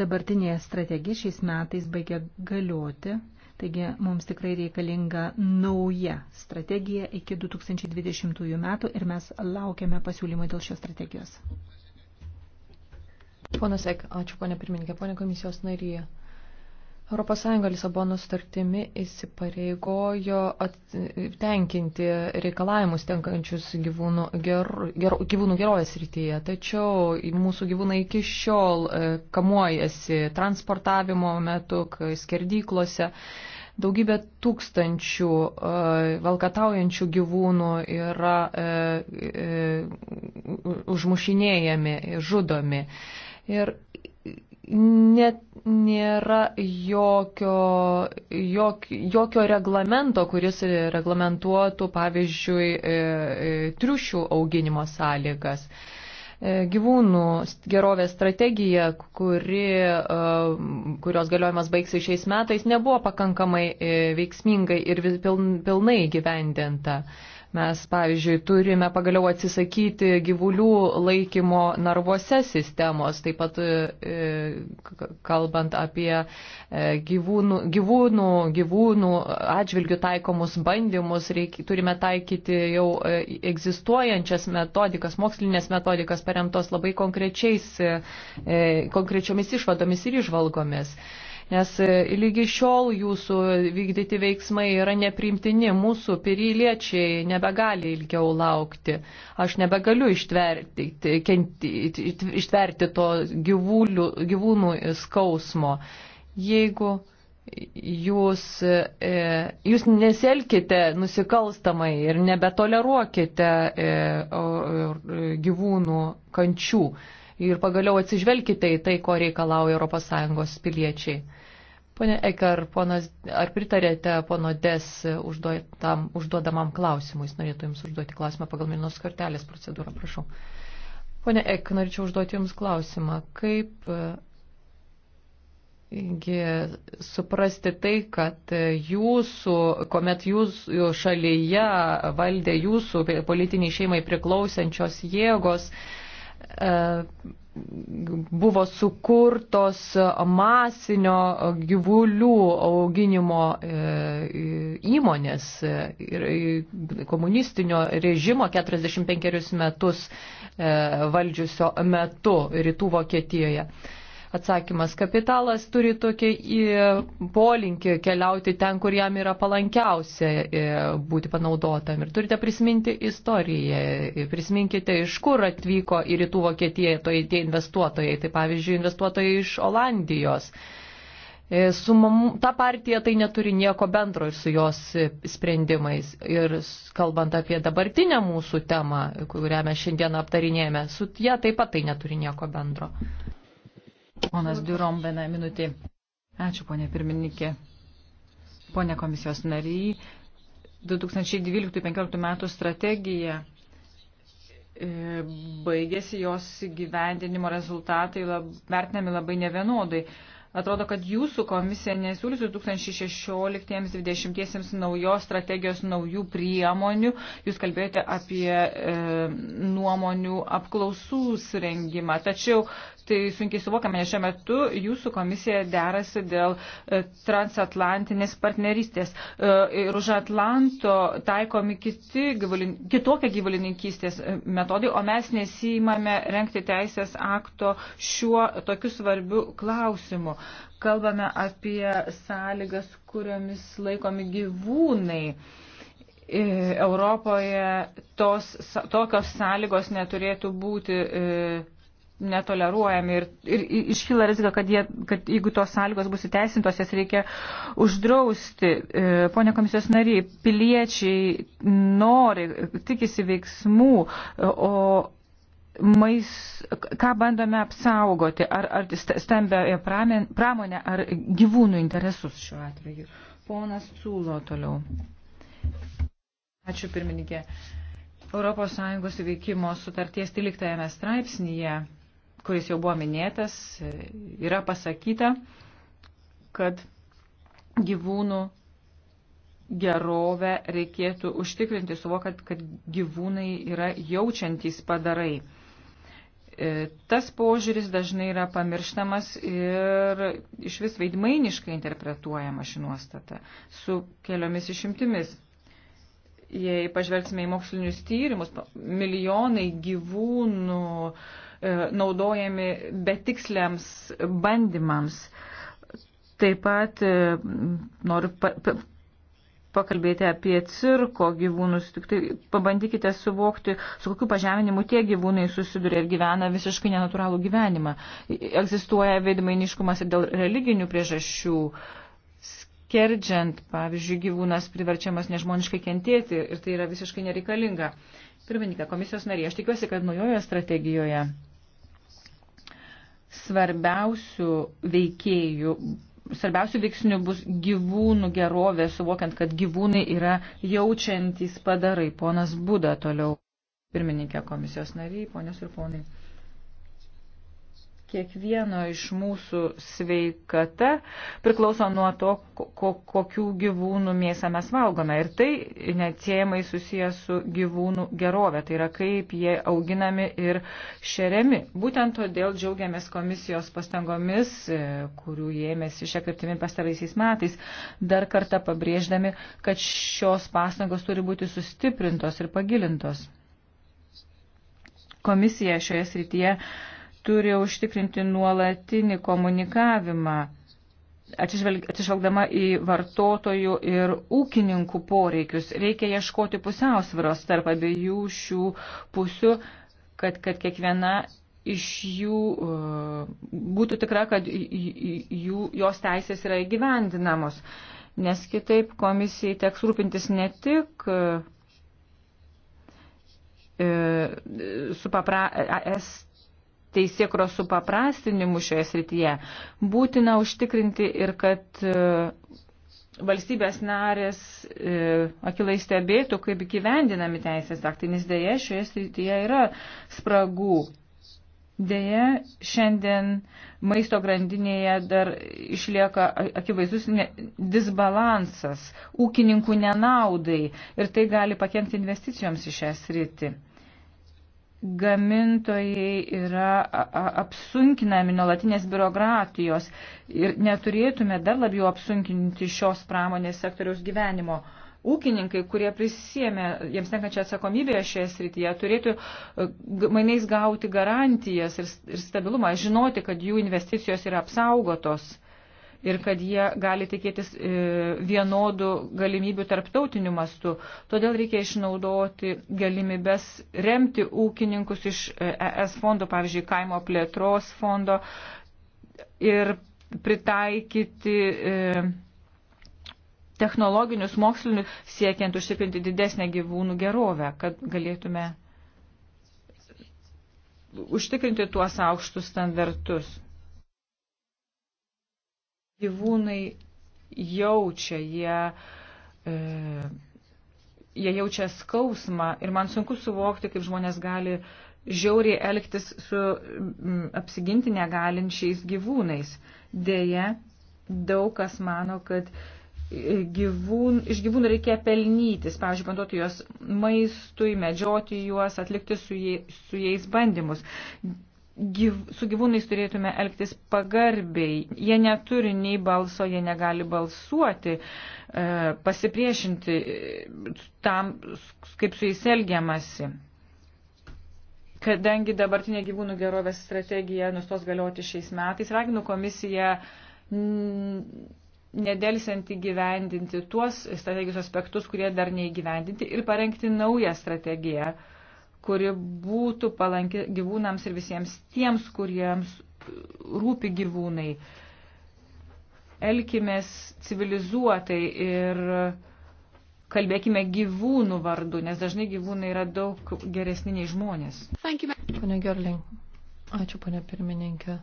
Dabartinė strategija šiais metais baigia galioti Taigi mums tikrai reikalinga nauja strategija iki 2020 metų ir mes laukiame pasiūlymų dėl šios strategijos. Ponas Ek, ačiū ponė pirmininkė, ponė komisijos narėje. ES Lisabono sutartimi įsipareigojo tenkinti reikalavimus tenkančius gyvūnų, ger, ger, gyvūnų gerovės rytyje, tačiau mūsų gyvūnai iki šiol e, kamuojasi transportavimo metu, skerdyklose. Daugybė tūkstančių e, valkataujančių gyvūnų yra e, užmušinėjami, žudomi. Ir net nėra jokio, jok, jokio reglamento, kuris reglamentuotų, pavyzdžiui, e, e, triušių auginimo sąlygas e, gyvūnų gerovės strategija, kuri, kurios galiojimas baigsis šiais metais, nebuvo pakankamai veiksmingai ir pilnai gyvendinta. Mes, pavyzdžiui, turime pagaliau atsisakyti gyvulių laikymo narvuose sistemos, taip pat e, kalbant apie e, gyvūnų, gyvūnų, gyvūnų atžvilgių taikomus bandymus, reik, turime taikyti jau e, egzistuojančias metodikas, mokslinės metodikas paremtos labai konkrečiais, konkrečiomis išvadomis ir išvalgomis nes e, lygi šiol jūsų vykdyti veiksmai yra neprimtini, mūsų piryliečiai nebegali ilgiau laukti. Aš nebegaliu ištverti, kenti, ištverti to gyvūlių, gyvūnų skausmo. Jeigu jūs, e, jūs neselkite nusikalstamai ir nebetoleruokite e, e, gyvūnų kančių ir pagaliau atsižvelkite į tai, ko reikalauja ES piliečiai. Pone Ekar, ponas, ar pritarėte pono Des užduotam, užduodamam klausimui? Jis norėtų Jums užduoti klausimą pagal Milnos kortelės procedūrą, prašau. Pone Ek, norėčiau užduoti Jums klausimą. Kaip e, suprasti tai, kad jūsų, kuomet jūsų šalyje valdė jūsų politiniai šeimai priklausančios jėgos, e, buvo sukurtos masinio gyvulių auginimo e, įmonės e, ir e, komunistinio režimo 45 metus valdžiusio metu rytų Vokietijoje. Atsakymas - kapitalas turi tokį polinkį keliauti ten, kur jam yra palankiausia būti panaudotam. Ir turite prisiminti istoriją. Prisiminkite, iš kur atvyko į rytų Vokietiją tie investuotojai. Tai pavyzdžiui, investuotojai iš Olandijos. E, su mum, ta partija tai neturi nieko bendro ir su jos sprendimais. Ir kalbant apie dabartinę mūsų temą, kurią mes šiandien aptarinėjame, su jie taip pat tai neturi nieko bendro. Ponas Durom, vieną minutį. Ačiū, ponė pirmininkė. Pone komisijos nariai, 2012-2015 metų strategija e, baigėsi jos gyvendinimo rezultatai lab, vertinami labai nevienodai. Atrodo, kad jūsų komisija nesiūlys 2016-2020 naujos strategijos naujų priemonių. Jūs kalbėjote apie e, nuomonių apklausų surengimą. Tačiau tai sunkiai suvokiame, nes šiuo metu jūsų komisija derasi dėl e, transatlantinės partnerystės. E, ir už Atlanto taikomi kiti, gyvulin, kitokie gyvulininkystės e, metodai, o mes nesijimame renkti teisės akto šiuo tokiu svarbiu klausimu. Kalbame apie sąlygas, kuriomis laikomi gyvūnai. Europoje tos, tokios sąlygos neturėtų būti netoleruojami ir, ir, ir iškyla rizika, kad, jie, kad jeigu tos sąlygos bus įteisintos, jas reikia uždrausti. E, pone komisijos nariai, piliečiai nori, tikisi veiksmų, o mais, ką bandome apsaugoti, ar, ar stambę pramonę, ar gyvūnų interesus šiuo atveju. Ponas Cūlo toliau. Ačiū pirmininkė. ES veikimo sutarties 13 straipsnėje kuris jau buvo minėtas, yra pasakyta, kad gyvūnų gerovę reikėtų užtikrinti, suvokat, kad gyvūnai yra jaučiantys padarai. E, tas požiūris dažnai yra pamirštamas ir iš vis veidmainiškai interpretuojama ši nuostata, su keliomis išimtimis. Jei pažvelgsime į mokslinius tyrimus, milijonai gyvūnų uh, E, naudojami betiksliams bandymams. Taip pat e, noriu pa, pa, pakalbėti apie cirko gyvūnus, tik tai pabandykite suvokti, su kokiu pažeminimu tie gyvūnai susiduria ir gyvena visiškai nenaturalų gyvenimą. Egzistuoja veidmainiškumas ir dėl religinių priežasčių. Skerdžiant, pavyzdžiui, gyvūnas priverčiamas nežmoniškai kentėti ir tai yra visiškai nereikalinga. Pirmininkė, komisijos narė, aš tikiuosi, kad naujoje strategijoje svarbiausių veikėjų svarbiausių veiksnių bus gyvūnų gerovė, suvokiant, kad gyvūnai yra jaučiantys padarai. Ponas Buda toliau, pirmininkė komisijos nariai, ponios ir ponai kiekvieno iš mūsų sveikata priklauso nuo to, ko, kokių gyvūnų mėsą mes valgome. Ir tai neatsiejamai susijęs su gyvūnų gerovė, tai yra kaip jie auginami ir šeriami. Būtent todėl džiaugiamės komisijos pastangomis, e, kurių ėmėsi šią kryptimį pastaraisiais metais, dar kartą pabrėždami, kad šios pastangos turi būti sustiprintos ir pagilintos. Komisija šioje srityje uh, turi užtikrinti nuolatinį komunikavimą, atsižvelgdama į vartotojų ir ūkininkų poreikius. Reikia ieškoti pusiausviros tarp abiejų šių pusių, kad, kad kiekviena iš jų uh, būtų tikra, kad jų, jos teisės yra įgyvendinamos. Nes kitaip komisijai teks rūpintis ne tik uh, e, su papra, es teisėkros supaprastinimu šioje srityje, būtina užtikrinti ir kad e, valstybės narės e, akilai stebėtų, kaip gyvendinami teisės aktai, nes dėja šioje srityje yra spragų. Dėja, šiandien maisto grandinėje dar išlieka akivaizdus disbalansas, ūkininkų nenaudai ir tai gali pakengti investicijoms į šią sritį gamintojai yra apsunkinami nuolatinės biurokratijos ir neturėtume dar labiau apsunkinti šios pramonės sektoriaus gyvenimo. Ūkininkai, kurie prisėmė jiems tenkančią atsakomybę šioje srityje, turėtų e, mainais gauti garantijas ir stabilumą, žinoti, kad jų investicijos yra apsaugotos ir kad jie gali tikėtis e, vienodų galimybių tarptautiniu mastu. Todėl reikia išnaudoti galimybės remti ūkininkus iš ES e fondo, pavyzdžiui, kaimo plėtros fondo ir pritaikyti e, technologinius mokslinius siekiant užsipinti didesnę gyvūnų gerovę, kad galėtume užtikrinti tuos aukštus standartus. Gyvūnai jaučia, jie, e, jie jaučia skausmą ir man sunku suvokti, kaip žmonės gali žiauriai elgtis su m, apsiginti negalinčiais gyvūnais. Deja, daug kas mano, kad e, gyvūn, iš gyvūnų reikia pelnytis, pavyzdžiui, panduoti juos maistui, medžioti juos, atlikti su, jie, su jais bandymus gyv, su gyvūnais turėtume elgtis pagarbiai. Jie neturi nei balso, jie negali balsuoti, e, pasipriešinti e, tam, kaip su jais elgiamasi. Kadangi dabartinė gyvūnų gerovės strategija nustos galioti šiais metais, raginu komisiją nedelsiant įgyvendinti tuos strategijos aspektus, kurie dar neįgyvendinti ir parengti naują strategiją. E, kuri būtų palanki gyvūnams ir visiems tiems, kuriems rūpi gyvūnai. Elkimės civilizuotai ir kalbėkime gyvūnų vardu, nes dažnai gyvūnai yra daug geresni nei žmonės. Pane Gerling, ačiū, pane pirmininkė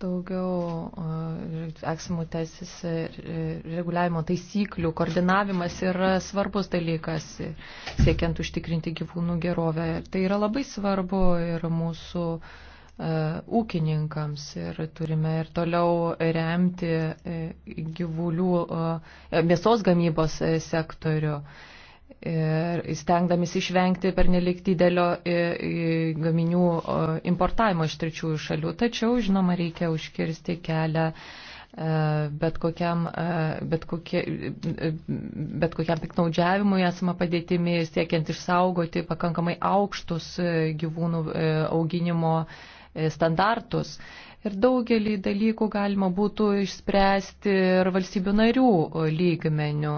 daugiau eksimų teisės e, reguliavimo taisyklių koordinavimas yra svarbus dalykas e, siekiant užtikrinti gyvūnų gerovę. Tai yra labai svarbu ir mūsų e, ūkininkams ir turime ir toliau remti gyvulių mėsos gamybos sektorių ir įstengdamis išvengti per nelik didelio e, e, gaminių importavimo iš trečiųjų šalių. Tačiau, žinoma, reikia užkirsti kelią e, bet kokiam, bet kokie, bet kokiam piknaudžiavimui esama padėtimi, siekiant išsaugoti pakankamai aukštus gyvūnų auginimo standartus. Ir daugelį dalykų galima būtų išspręsti ir valstybių narių lygmenių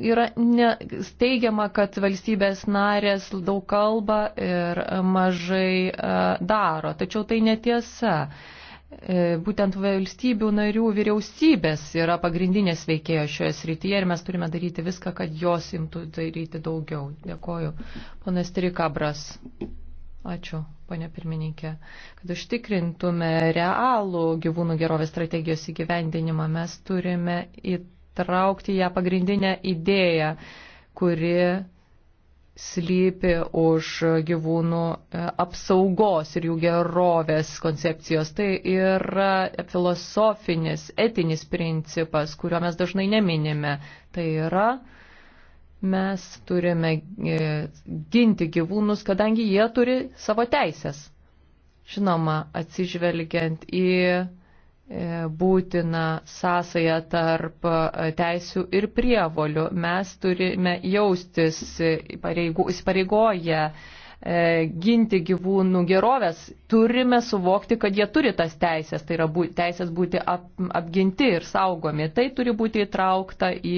yra ne, steigiama, kad valstybės narės daug kalba ir mažai e, daro. Tačiau tai netiesa. E, būtent valstybių narių vyriausybės yra pagrindinės veikėjos šioje srityje ir mes turime daryti viską, kad jos imtų daryti daugiau. Dėkoju. Ponas Trikabras. Ačiū, ponė pirmininkė. Kad užtikrintume realų gyvūnų gerovės strategijos įgyvendinimą, mes turime į įtraukti ją pagrindinę idėją, kuri slypi už gyvūnų e, apsaugos ir jų gerovės koncepcijos. Tai yra filosofinis, etinis principas, kurio mes dažnai neminime. Tai yra mes turime e, ginti gyvūnus, kadangi jie turi savo teisės. Žinoma, atsižvelgiant į E, būtina sąsaja tarp e, teisių ir prievolių. Mes turime jaustis įsipareigoję e, ginti gyvūnų gerovės, turime suvokti, kad jie turi tas teisės, tai yra bū, teisės būti ap, apginti ir saugomi. Tai turi būti įtraukta į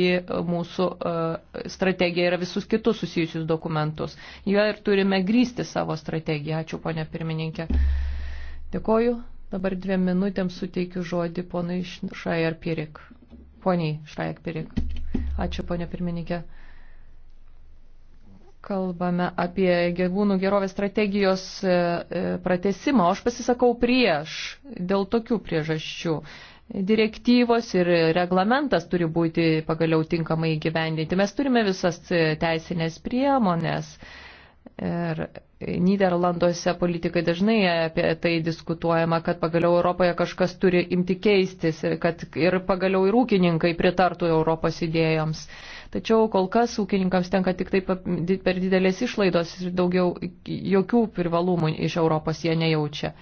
mūsų uh, strategiją ir visus kitus susijusius dokumentus. Juo ir turime grįsti savo strategiją. Ačiū, ponė pirmininkė. Dėkoju. Dabar dviem minutėms suteikiu žodį ponui Šrajer Pirik. Poniai Šrajer Pirik. Ačiū, ponė pirmininkė. Kalbame apie gyvūnų gerovės strategijos e, e, pratesimą, o aš pasisakau prieš dėl tokių priežasčių. Direktyvos ir reglamentas turi būti pagaliau tinkamai gyvendinti. Mes turime visas e, teisinės priemonės. Ir Niderlanduose politikai dažnai apie tai diskutuojama, kad pagaliau Europoje kažkas turi imti keistis ir kad ir pagaliau ir ūkininkai pritartų Europos idėjoms. Tačiau kol kas ūkininkams tenka tik taip per didelės išlaidos ir daugiau jokių privalumų iš Europos jie nejaučia.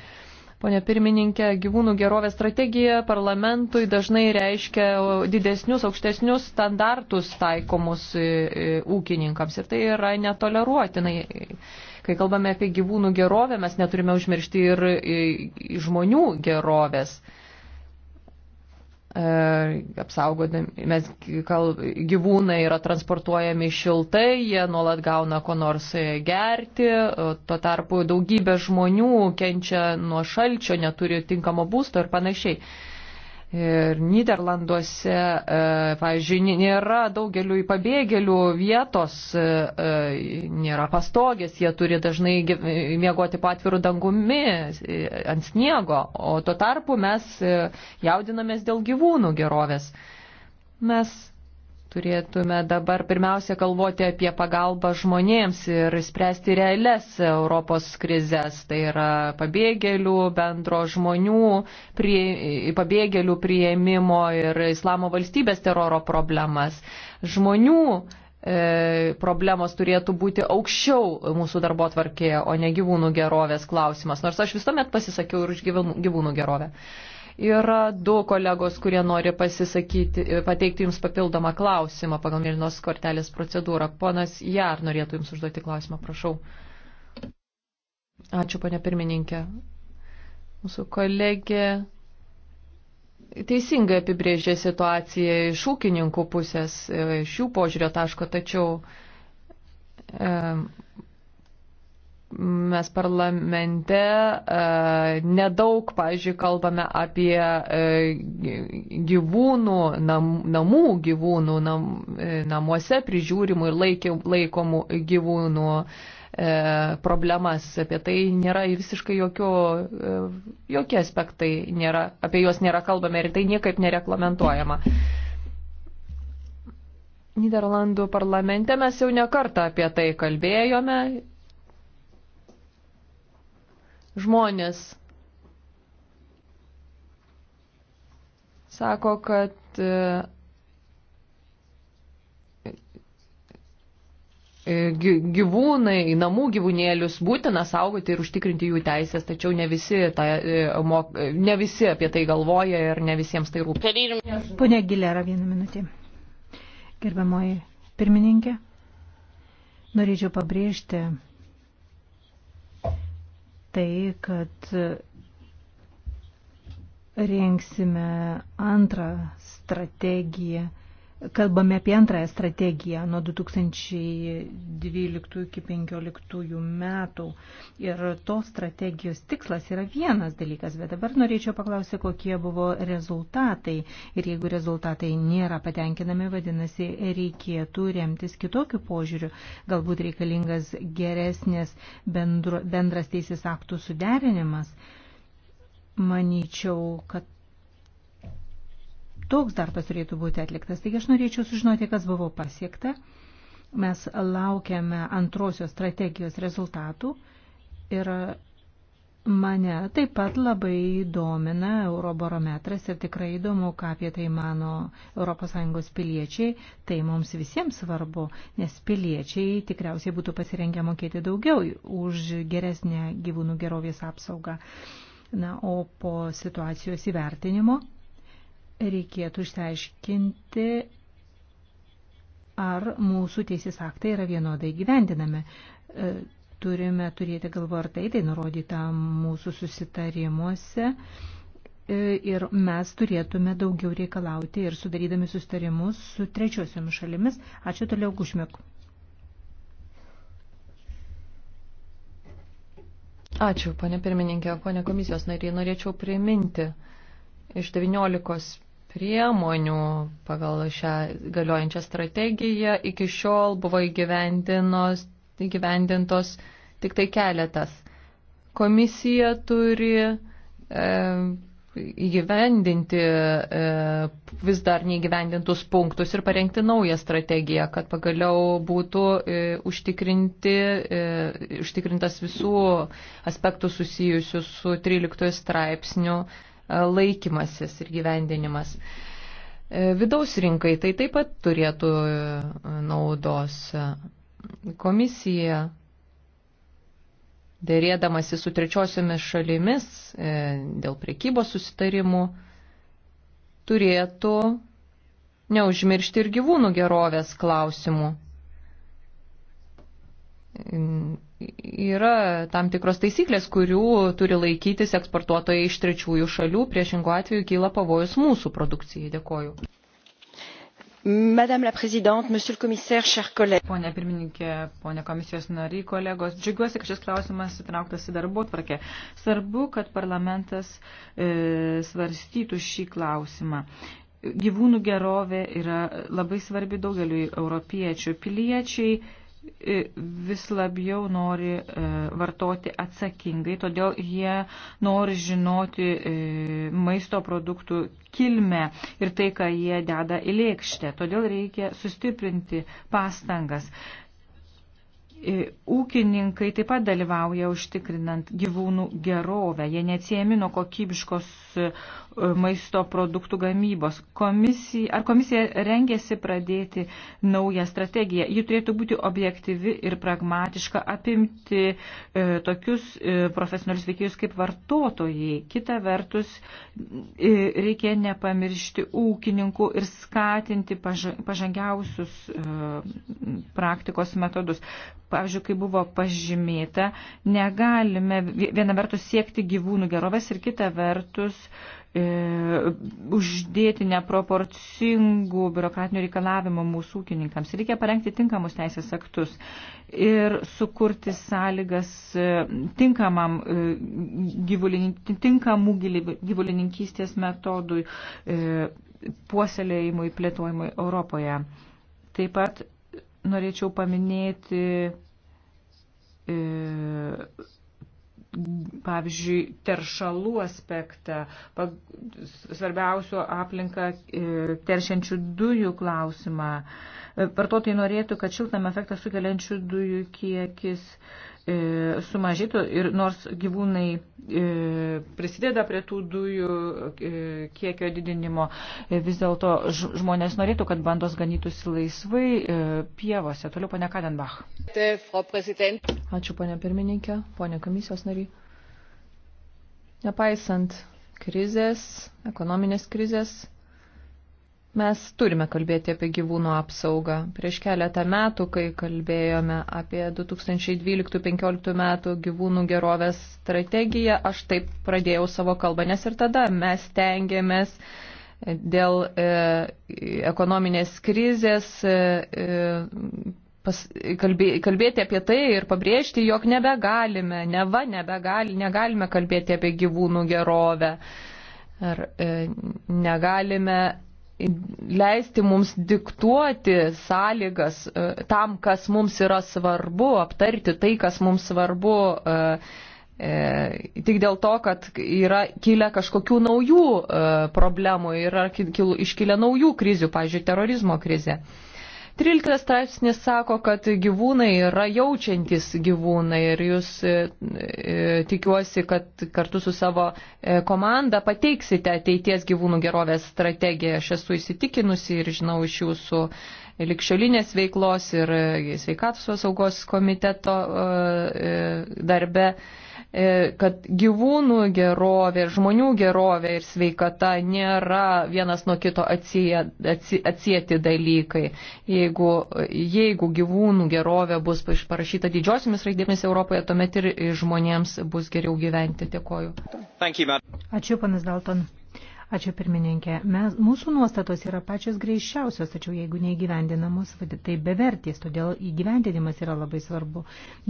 Pone pirmininkė, gyvūnų gerovės strategija parlamentui dažnai reiškia didesnius, aukštesnius standartus taikomus e, e, ūkininkams ir tai yra netoleruotinai. Kai kalbame apie gyvūnų gerovę, mes neturime užmiršti ir e, žmonių gerovės. E, apsaugodami, mes kal, gyvūnai yra transportuojami šiltai, jie nuolat gauna ko nors e, gerti, tuo tarpu daugybė žmonių kenčia nuo šalčio, neturi tinkamo būsto ir panašiai. Ir Niderlanduose, e, pavyzdžiui, nėra daugeliu pabėgėlių vietos, e, e, nėra pastogės, jie turi dažnai miegoti patvirų dangumi ant sniego, o tuo tarpu mes jaudinamės dėl gyvūnų gerovės. Mes turėtume dabar pirmiausia kalboti apie pagalbą žmonėms ir spręsti realias Europos krizės. Tai yra pabėgėlių, bendro žmonių, prie, pabėgėlių prieimimo ir islamo valstybės teroro problemas. Žmonių e, problemos turėtų būti aukščiau mūsų darbo tvarkėje, o ne gyvūnų gerovės klausimas. Nors aš visuomet pasisakiau ir už gyvūnų gerovę. Yra du kolegos, kurie nori pasisakyti, pateikti Jums papildomą klausimą pagal Mirinos kortelės procedūrą. Ponas Jar norėtų Jums užduoti klausimą, prašau. Ačiū, ponė pirmininkė. Mūsų kolegė teisingai apibrėžė situaciją iš ūkininkų pusės, iš jų požiūrio taško, tačiau e, mes parlamente e, nedaug, pažiūrėjau, kalbame apie e, gyvūnų, nam, namų gyvūnų, nam, e, namuose prižiūrimų ir laikių, laikomų gyvūnų problemas. Apie tai nėra visiškai jokio, jokie aspektai, nėra, apie juos nėra kalbame ir tai niekaip nereglamentuojama. Niderlandų parlamente mes jau nekartą apie tai kalbėjome Žmonės sako, kad e, gyvūnai, namų gyvūnėlius būtina saugoti ir užtikrinti jų teisės, tačiau ne visi, ta, e, mok, ne visi apie tai galvoja ir ne visiems tai rūpi. Pone Gilera, vieną minutį. Gerbiamoji pirmininkė, norėčiau pabrėžti, tai, kad rengsime antrą strategiją Kalbame apie antrąją strategiją nuo 2012 iki 2015 metų. Ir tos strategijos tikslas yra vienas dalykas, bet dabar norėčiau paklausyti, kokie buvo rezultatai. Ir jeigu rezultatai nėra patenkinami, vadinasi, reikėtų remtis kitokiu požiūriu. Galbūt reikalingas geresnės bendro, bendras teisės aktų suderinimas. Manyčiau, kad toks darbas turėtų būti atliktas. Taigi aš norėčiau sužinoti, kas buvo pasiekta. Mes laukiame antrosios strategijos rezultatų ir mane taip pat labai domina Eurobarometras ir tikrai įdomu, ką apie tai mano ES piliečiai. Tai mums visiems svarbu, nes piliečiai tikriausiai būtų pasirengę mokėti daugiau už geresnę gyvūnų gerovės apsaugą. Na, o po situacijos įvertinimo reikėtų išsiaiškinti, ar mūsų teisės aktai yra vienodai gyvendinami. E, turime turėti galvo ar tai, tai nurodyta mūsų susitarimuose e, ir mes turėtume daugiau reikalauti ir sudarydami susitarimus su trečiosiomis šalimis. Ačiū toliau, Gušmiuk. Ačiū, ponė pirmininkė, ponė komisijos nariai, norėčiau priminti iš 19 priemonių pagal šią galiojančią strategiją iki šiol buvo įgyvendintos tik tai keletas. Komisija turi e, įgyvendinti e, vis dar neįgyvendintus punktus ir parengti naują strategiją, kad pagaliau būtų e, užtikrinti, e, užtikrintas visų aspektų susijusių su 13 straipsniu laikymasis ir gyvendinimas. E, vidaus rinkai tai taip pat turėtų e, naudos. Komisija, dėrėdamasi su trečiosiomis šalimis e, dėl prekybos susitarimų, turėtų neužmiršti ir gyvūnų gerovės klausimų yra tam tikros taisyklės, kurių turi laikytis eksportuotojai iš trečiųjų šalių, priešingų atveju kyla pavojus mūsų produkcijai. Dėkoju. Madame la Présidente, Monsieur le Commissaire, chers collègues. Pone pirmininkė, pone komisijos nariai, kolegos, džiugiuosi, kad šis klausimas įtrauktas į darbo tvarkę. Svarbu, kad parlamentas e, svarstytų šį klausimą gyvūnų gerovė yra labai svarbi daugeliui europiečių piliečiai vis labiau nori e, vartoti atsakingai, todėl jie nori žinoti e, maisto produktų kilmę ir tai, ką jie deda į lėkštę. Todėl reikia sustiprinti pastangas. E, ūkininkai taip pat dalyvauja užtikrinant gyvūnų gerovę. Jie neatsiemi nuo kokybiškos maisto produktų gamybos. Komisija, ar komisija rengėsi pradėti naują strategiją? Ji turėtų būti objektyvi ir pragmatiška, apimti e, tokius e, profesionalius veikėjus kaip vartotojai. Kita vertus, e, reikia nepamiršti ūkininkų ir skatinti paž, pažangiausius e, praktikos metodus. Pavyzdžiui, kai buvo pažymėta, negalime viena vertus siekti gyvūnų gerovės ir kita vertus, e, E, uždėti neproporcingų biurokratinių reikalavimų mūsų ūkininkams. Reikia parengti tinkamus teisės aktus ir sukurti sąlygas e, tinkamam e, tinkamų gyvulininkystės metodui puoselėjimui, plėtojimui Europoje. Taip pat norėčiau paminėti pavyzdžiui, teršalų aspektą, svarbiausių aplinką e, teršiančių dujų klausimą. E, vartotojai norėtų, kad šiltam efektą sukeliančių dujų kiekis E, sumažėtų ir nors gyvūnai e, prisideda prie tų dujų e, kiekio didinimo, vis dėlto žmonės norėtų, kad bandos ganytųsi laisvai pievose. Toliau ponia Kadenbach. Ačiū ponia pirmininkė, ponia komisijos nary. Nepaisant krizės, ekonominės krizės, Mes turime kalbėti apie gyvūnų apsaugą. Prieš keletą metų, kai kalbėjome apie 2012-2015 metų gyvūnų gerovės strategiją, aš taip pradėjau savo kalbą, nes ir tada mes tengiamės dėl e, ekonominės krizės e, e, pas, kalbė, kalbėti apie tai ir pabrėžti, jog nebegalime, neva nebegali, negalime kalbėti apie gyvūnų gerovę. Ar e, negalime leisti mums diktuoti sąlygas e, tam, kas mums yra svarbu, aptarti tai, kas mums svarbu, e, e, tik dėl to, kad yra kilę kažkokių naujų problemų, yra iškilę naujų krizių, pavyzdžiui, terorizmo krizė. 13 straipsnis sako, kad gyvūnai yra jaučiantis gyvūnai ir jūs e, e, tikiuosi, kad kartu su savo e, komanda pateiksite ateities gyvūnų gerovės strategiją. Aš esu įsitikinusi ir žinau iš jūsų likščiolinės veiklos ir sveikatos saugos komiteto darbe E, kad gyvūnų gerovė, žmonių gerovė ir sveikata nėra vienas nuo kito atsija, atsi, atsijėti dalykai. Jeigu, jeigu gyvūnų gerovė bus parašyta didžiosiomis raidėmis Europoje, tuomet ir žmonėms bus geriau gyventi. Dėkoju. You, Ačiū, panas Dalton. Ačiū pirmininkė. Mes, mūsų nuostatos yra pačios greičiausios, tačiau jeigu neįgyvendinamos, tai bevertys, todėl įgyvendinimas yra labai svarbu.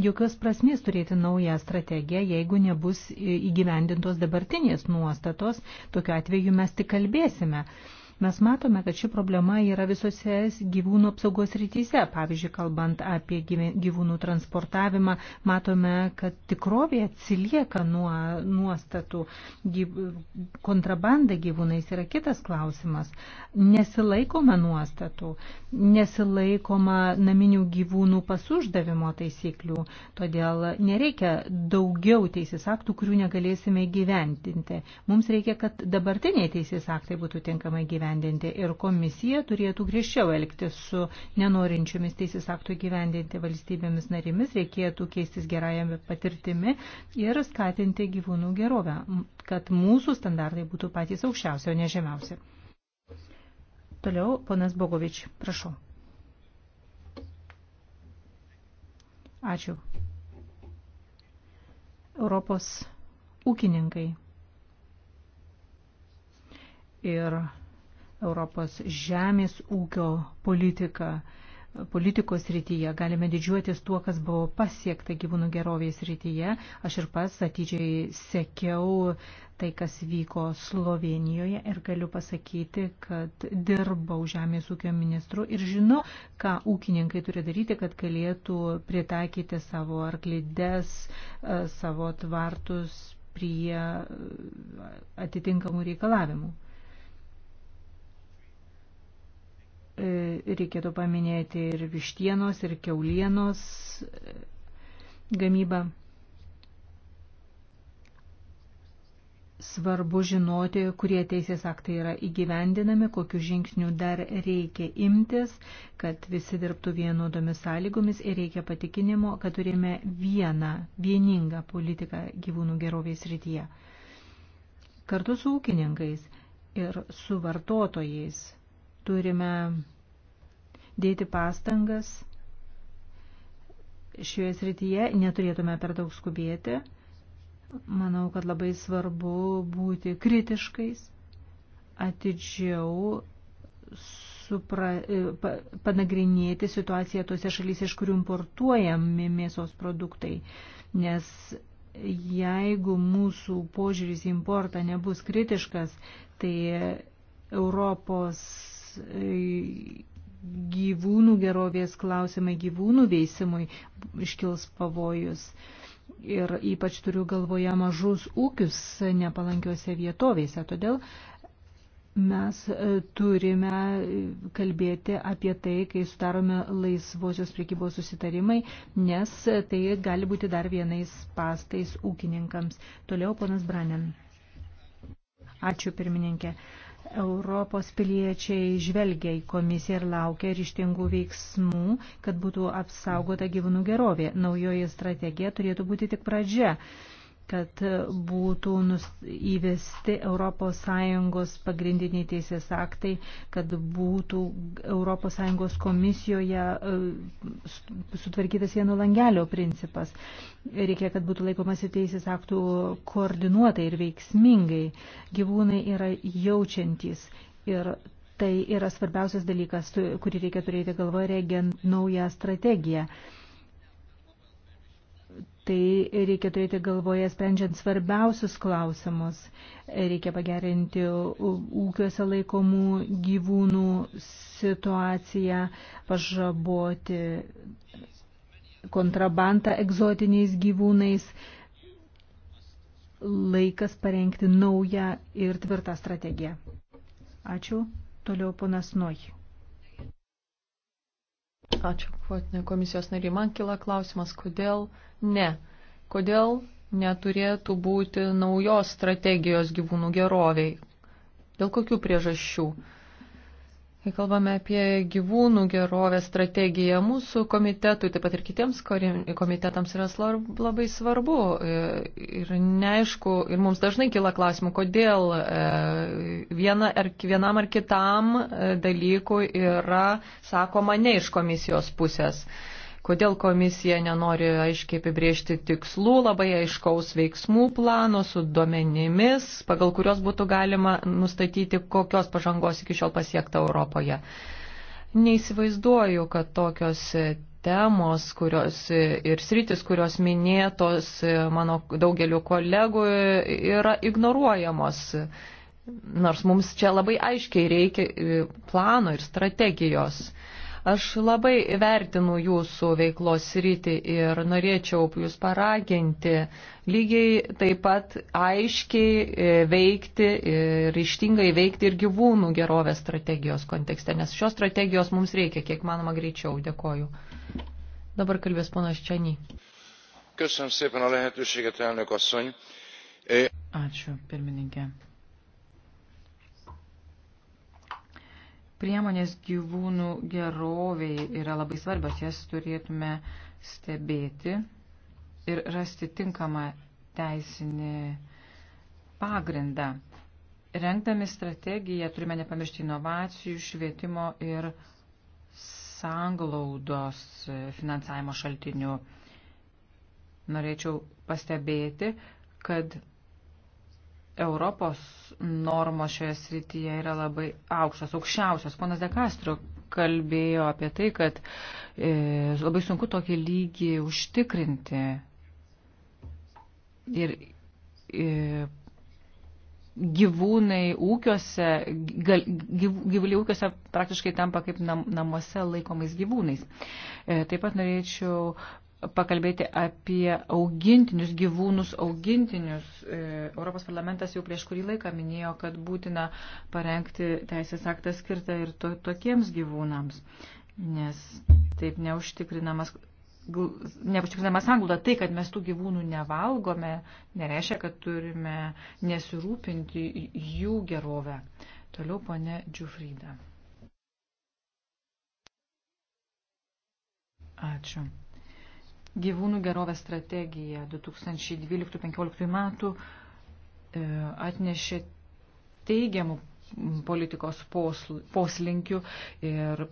Jokios prasmės turėti naują strategiją, jeigu nebus įgyvendintos dabartinės nuostatos, tokiu atveju mes tik kalbėsime. Mes matome, kad ši problema yra visose gyvūnų apsaugos rytise. Pavyzdžiui, kalbant apie gyvūnų transportavimą, matome, kad tikrovė atsilieka nuo nuostatų. Kontrabanda gyvūnais yra kitas klausimas nesilaikoma nuostatų, nesilaikoma naminių gyvūnų pasuždavimo taisyklių, todėl nereikia daugiau teisės aktų, kurių negalėsime gyventinti. Mums reikia, kad dabartiniai teisės aktai būtų tinkamai gyvendinti ir komisija turėtų griežčiau elgtis su nenorinčiomis teisės aktų gyvendinti valstybėmis narimis, reikėtų keistis gerajame patirtimi ir skatinti gyvūnų gerovę, kad mūsų standartai būtų patys aukščiausi, o ne žemiausi. Toliau ponas Bogovič, prašau. Ačiū. Europos ūkininkai ir Europos žemės ūkio politika politikos rytyje, galime didžiuotis tuo, kas buvo pasiekta gyvūnų gerovės rytyje. Aš ir pas atidžiai sekiau tai, kas vyko Slovenijoje ir galiu pasakyti, kad dirbau žemės ūkio ministru ir žinau, ką ūkininkai turi daryti, kad galėtų pritaikyti savo arklides, e, savo tvartus prie e, atitinkamų reikalavimų. E, reikėtų paminėti ir vištienos, ir keulienos e, gamybą. Svarbu žinoti, kurie teisės aktai yra įgyvendinami, kokiu žingsniu dar reikia imtis, kad visi dirbtų vienodomis sąlygomis ir reikia patikinimo, kad turime vieną, vieningą politiką gyvūnų gerovės rytyje. Kartu su ūkininkais ir su vartotojais Turime dėti pastangas šioje srityje, neturėtume per daug skubėti. Manau, kad labai svarbu būti kritiškais, atidžiau supra, e, panagrinėti situaciją tose šalyse, iš kurių importuojami mėsos produktai. Nes jeigu mūsų požiūris į importą nebus kritiškas, tai Europos gyvūnų gerovės klausimai gyvūnų veisimui iškils pavojus. Ir ypač turiu galvoje mažus ūkius nepalankiose vietovėse. Todėl mes e, turime e, kalbėti apie tai, kai sudarome laisvosios priekybos susitarimai, nes tai gali būti dar vienais pastais ūkininkams. Toliau ponas Branen. Ačiū pirmininkė. Europos piliečiai žvelgia į komisiją ir laukia ryštingų veiksmų, kad būtų apsaugota gyvūnų gerovė. Naujoji strategija turėtų būti tik pradžia kad būtų įvesti ES pagrindiniai teisės aktai, kad būtų ES komisijoje e, sutvarkytas vieno langelio principas. Reikia, kad būtų laikomasi teisės aktų koordinuotai ir veiksmingai. Gyvūnai yra jaučiantys ir tai yra svarbiausias dalykas, kurį reikia turėti galvoje, regiant naują strategiją. Tai reikia turėti galvoje, sprendžiant svarbiausius klausimus. Reikia pagerinti ūkiuose laikomų gyvūnų situaciją, pažaboti kontrabantą egzotiniais gyvūnais. Laikas parengti naują ir tvirtą strategiją. Ačiū. Toliau ponas Noj. Ačiū, kvotinė komisijos nariai. Man kila klausimas, kodėl ne? Kodėl neturėtų būti naujos strategijos gyvūnų geroviai? Dėl kokių priežasčių? Kai kalbame apie gyvūnų gerovės strategiją mūsų komitetui, taip pat ir kitiems komitetams yra labai svarbu. E, ir neaišku, ir mums dažnai kyla klausimų, kodėl e, viena ar, vienam ar kitam e, dalykui yra sakoma ne iš komisijos pusės. Kodėl komisija nenori aiškiai apibriežti tikslų, labai aiškaus veiksmų plano su duomenimis, pagal kurios būtų galima nustatyti, kokios pažangos iki šiol pasiekta Europoje. Neįsivaizduoju, kad tokios temos kurios, ir sritis, kurios minėtos mano daugeliu kolegų, yra ignoruojamos. Nors mums čia labai aiškiai reikia plano ir strategijos. Aš labai vertinu jūsų veiklos rytį ir norėčiau jūs paraginti lygiai taip pat aiškiai e, veikti ir e, ryštingai veikti ir gyvūnų gerovės strategijos kontekste, nes šios strategijos mums reikia kiek manoma greičiau. Dėkoju. Dabar kalbės ponas Čany. Ačiū, pirmininkė. priemonės gyvūnų geroviai yra labai svarbios, jas turėtume stebėti ir rasti tinkamą teisinį pagrindą. Rengdami strategiją turime nepamiršti inovacijų, švietimo ir sanglaudos finansavimo šaltinių. Norėčiau pastebėti, kad Europos normos šioje srityje yra labai aukštos, aukščiausios. Ponas Dekastro kalbėjo apie tai, kad e, labai sunku tokį lygį užtikrinti. Ir e, gyvūnai ūkiuose, gal, gyv, gyvuliai ūkiuose praktiškai tampa kaip nam, namuose laikomais gyvūnais. E, taip pat norėčiau pakalbėti apie augintinius, gyvūnus augintinius. E, Europos parlamentas jau prieš kurį laiką minėjo, kad būtina parengti teisės aktą skirtą ir to, tokiems gyvūnams, nes taip neužtikrinamas. Neužtikrinama sanglauda tai, kad mes tų gyvūnų nevalgome, nereiškia, kad turime nesirūpinti jų gerovę. Toliau ponė Džiufrida. Ačiū. Gyvūnų gerovės strategija 2012-2015 metų e, atnešė teigiamų politikos poslinkių ir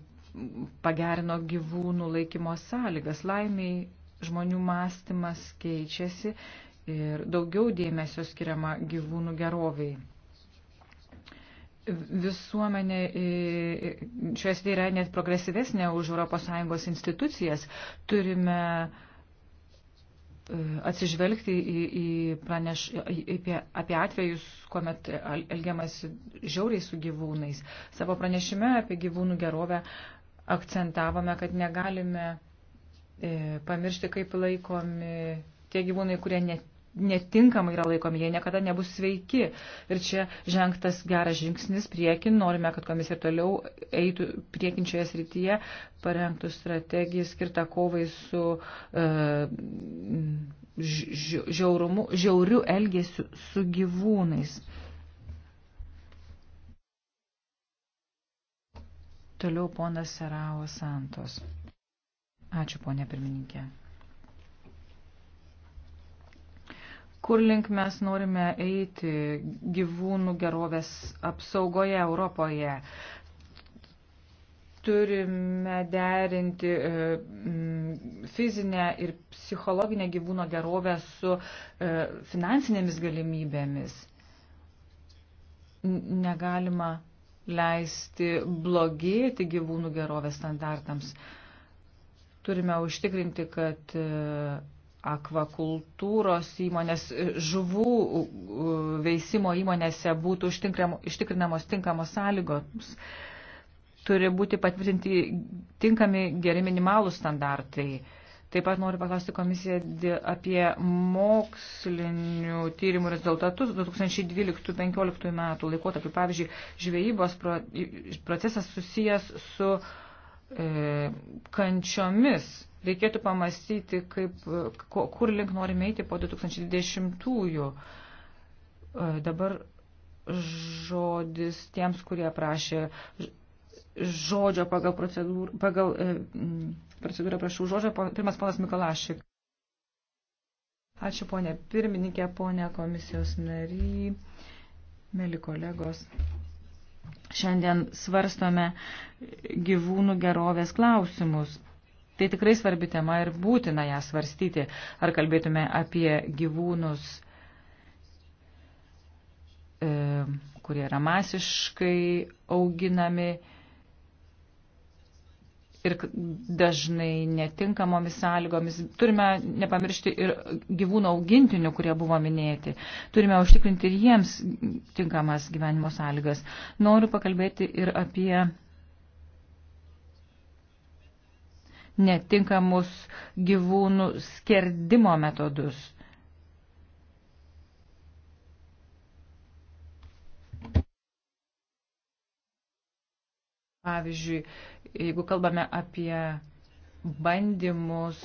pagerino gyvūnų laikymo sąlygas. Laimiai žmonių mąstymas keičiasi ir daugiau dėmesio skiriama gyvūnų geroviai. Visuomenė e, e, šioje sferoje net progresyvesnė už ES institucijas. Turime uh, E, atsižvelgti į, į praneš, apie, apie atvejus, kuomet elgiamasi žiauriai su gyvūnais. Savo pranešime apie gyvūnų gerovę akcentavome, kad negalime e, pamiršti, kaip laikomi tie gyvūnai, kurie net netinkamai yra laikomi, jie niekada nebus sveiki. Ir čia žengtas geras žingsnis priekin, norime, kad komisija toliau eitų priekinčioje srityje, parengtų strategiją skirtą kovai su uh, žiaurumu, žiauriu elgesiu su gyvūnais. Toliau ponas Serao Santos. Ačiū, ponė pirmininkė. kur link mes norime eiti gyvūnų gerovės apsaugoje Europoje. Turime derinti e, fizinę ir psichologinę gyvūno gerovę su e, finansinėmis galimybėmis. Negalima leisti blogėti gyvūnų gerovės standartams. Turime užtikrinti, kad e, akvakultūros įmonės, žuvų veisimo įmonėse būtų ištikrinamos tinkamos sąlygos, turi būti patvirtinti tinkami geri minimalų standartai. Taip pat noriu paklausti komisiją apie mokslinių tyrimų rezultatus 2012-2015 metų laikotarpį. Pavyzdžiui, žvejybos procesas susijęs su e, kančiomis reikėtų pamastyti, kaip, kur link norime eiti po 2020-ųjų. E, dabar žodis tiems, kurie prašė žodžio pagal, procedūr, pagal e, procedūrą, prašau žodžio, pirmas ponas Mikolašik. Ačiū ponė pirmininkė, ponė komisijos nary, mėly kolegos. Šiandien svarstome gyvūnų gerovės klausimus. Tai tikrai svarbi tema ir būtina ją svarstyti. Ar kalbėtume apie gyvūnus, e, kurie yra masiškai auginami ir dažnai netinkamomis sąlygomis. Turime nepamiršti ir gyvūnų augintinių, kurie buvo minėti. Turime užtikrinti ir jiems tinkamas gyvenimo sąlygas. Noriu pakalbėti ir apie netinkamus gyvūnų skerdimo metodus. Pavyzdžiui, jeigu kalbame apie bandymus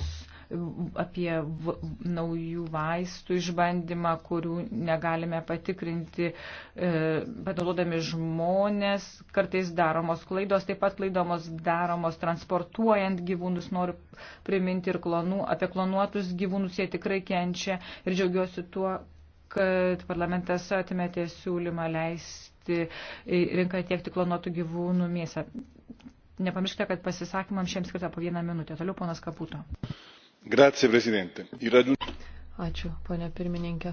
apie naujų vaistų išbandymą, kurių negalime patikrinti, e, panaudodami žmonės, kartais daromos klaidos, taip pat klaidomos daromos transportuojant gyvūnus, noriu priminti ir klonų, apie klonuotus gyvūnus, jie tikrai kenčia ir džiaugiuosi tuo, kad parlamentas atmetė siūlymą leisti rinką tiekti klonuotų gyvūnų mėsą. Nepamirškite, kad pasisakymams šiems skirta po vieną minutę. Toliau ponas Kaputo. Grazie, prezidente. Radu... Ačiū, ponia pirmininkė.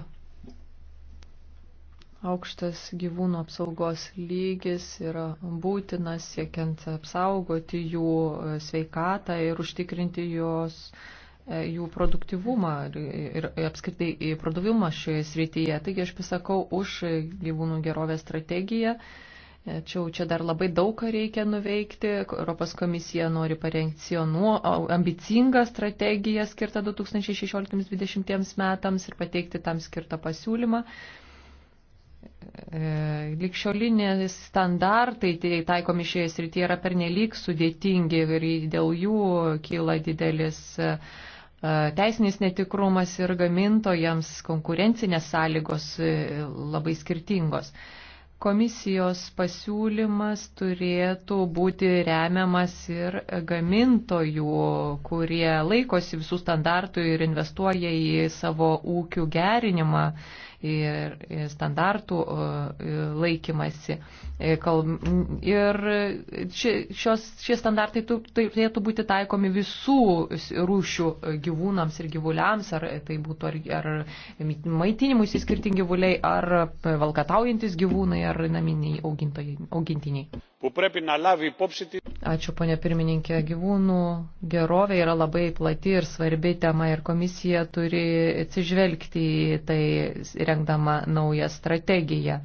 Aukštas gyvūnų apsaugos lygis yra būtinas siekiant apsaugoti jų e, sveikatą ir užtikrinti jos e, jų produktivumą ir, ir, ir apskritai prodavimą šioje srityje. Taigi aš pasakau už gyvūnų gerovės strategiją Tačiau čia dar labai daug ką reikia nuveikti. Europos komisija nori parengti nu, ambicingą strategiją skirtą 2016-2020 metams ir pateikti tam skirtą pasiūlymą. E, Likščiolinės standartai tai taikomi šioje srityje yra pernelyg sudėtingi ir dėl jų kyla didelis e, teisinis netikrumas ir gamintojams konkurencinės sąlygos e, labai skirtingos. Komisijos pasiūlymas turėtų būti remiamas ir gamintojų, kurie laikosi visų standartų ir investuoja į savo ūkių gerinimą ir standartų e, laikymasi. E, ir šios, šie standartai tai turėtų būti taikomi visų rūšių gyvūnams ir gyvuliams, ar tai būtų ar, ar maitinimus įskirti gyvuliai, ar valkataujantis gyvūnai, ar naminiai augintojai, augintiniai που πρέπει να λάβει υπόψη τη. Ačiū, ponė pirmininkė. Gyvūnų gerovė yra labai plati ir svarbi tema ir komisija turi atsižvelgti į tai, rengdama naują strategiją.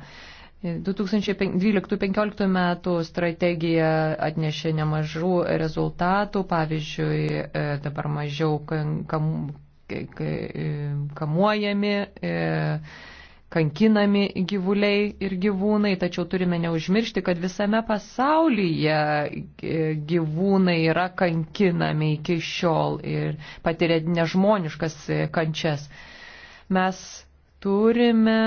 2012-2015 metų strategija atnešė nemažų rezultatų, pavyzdžiui, e, dabar mažiau kam, kam, e, kamuojami. E, kankinami gyvuliai ir gyvūnai, tačiau turime neužmiršti, kad visame pasaulyje e, gyvūnai yra kankinami iki šiol ir patiria nežmoniškas e, kančias. Mes turime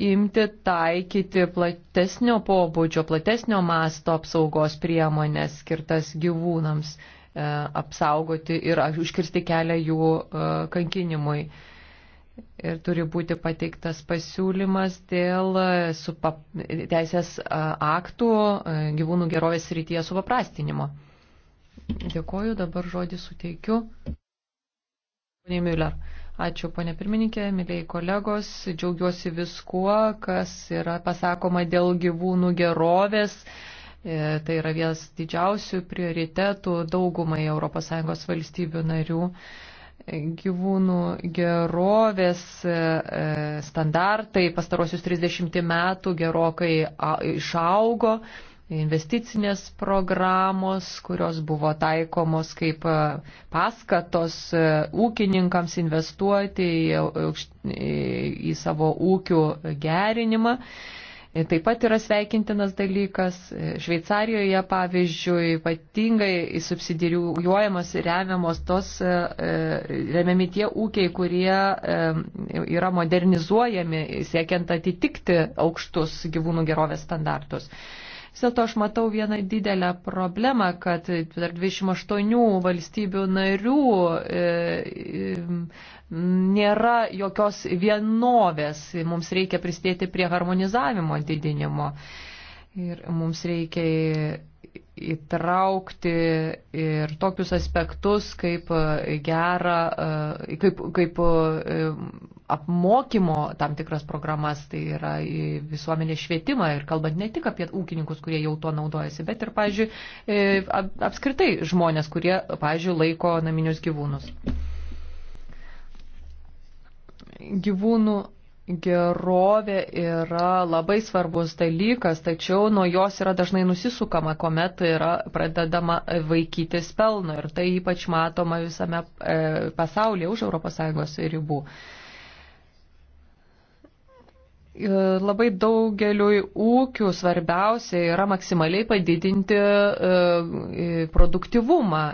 imti taikyti platesnio pobūdžio, platesnio masto apsaugos priemonės skirtas gyvūnams e, apsaugoti ir užkirsti kelią jų e, kankinimui. E, ir turi būti pateiktas pasiūlymas dėl supap, teisės aktų gyvūnų gerovės rytyje supaprastinimo. Dėkoju, dabar žodį suteikiu. Pone Miller, ačiū ponė pirmininkė, mėlyi kolegos, džiaugiuosi viskuo, kas yra pasakoma dėl gyvūnų gerovės. E, tai yra vienas didžiausių prioritetų daugumai ES valstybių narių gyvūnų gerovės e, e, standartai pastarosius 30 metų gerokai išaugo, investicinės programos, kurios buvo taikomos kaip e, paskatos ūkininkams investuoti į, į savo ūkių gerinimą taip pat yra sveikintinas dalykas. E, Šveicarijoje, pavyzdžiui, ypatingai subsidijuojamos ir remiamos tos, e, e, remiami tie ūkiai, kurie yra modernizuojami, siekiant atitikti aukštus gyvūnų gerovės standartus. Vis dėlto aš matau vieną didelę problemą, kad tarp 28 valstybių narių e, e, nėra jokios vienovės. Mums reikia prisidėti prie harmonizavimo didinimo. Ir mums reikia įtraukti ir tokius aspektus kaip gerą, e, kaip, kaip apmokymo tam tikras programas, tai yra į visuomenės švietimą ir kalbant ne tik apie ūkininkus, kurie jau tuo naudojasi, bet ir, pažiūrėjau, e, apskritai žmonės, kurie, pažiūrėjau, laiko naminius gyvūnus. Gyvūnų gerovė yra labai svarbus dalykas, tačiau nuo jos yra dažnai nusisukama, kuomet yra pradedama vaikytis pelno ir tai ypač matoma visame e, pasaulyje už ES ribų. E, E, labai daugeliui ūkių svarbiausia yra maksimaliai padidinti e, e, produktivumą.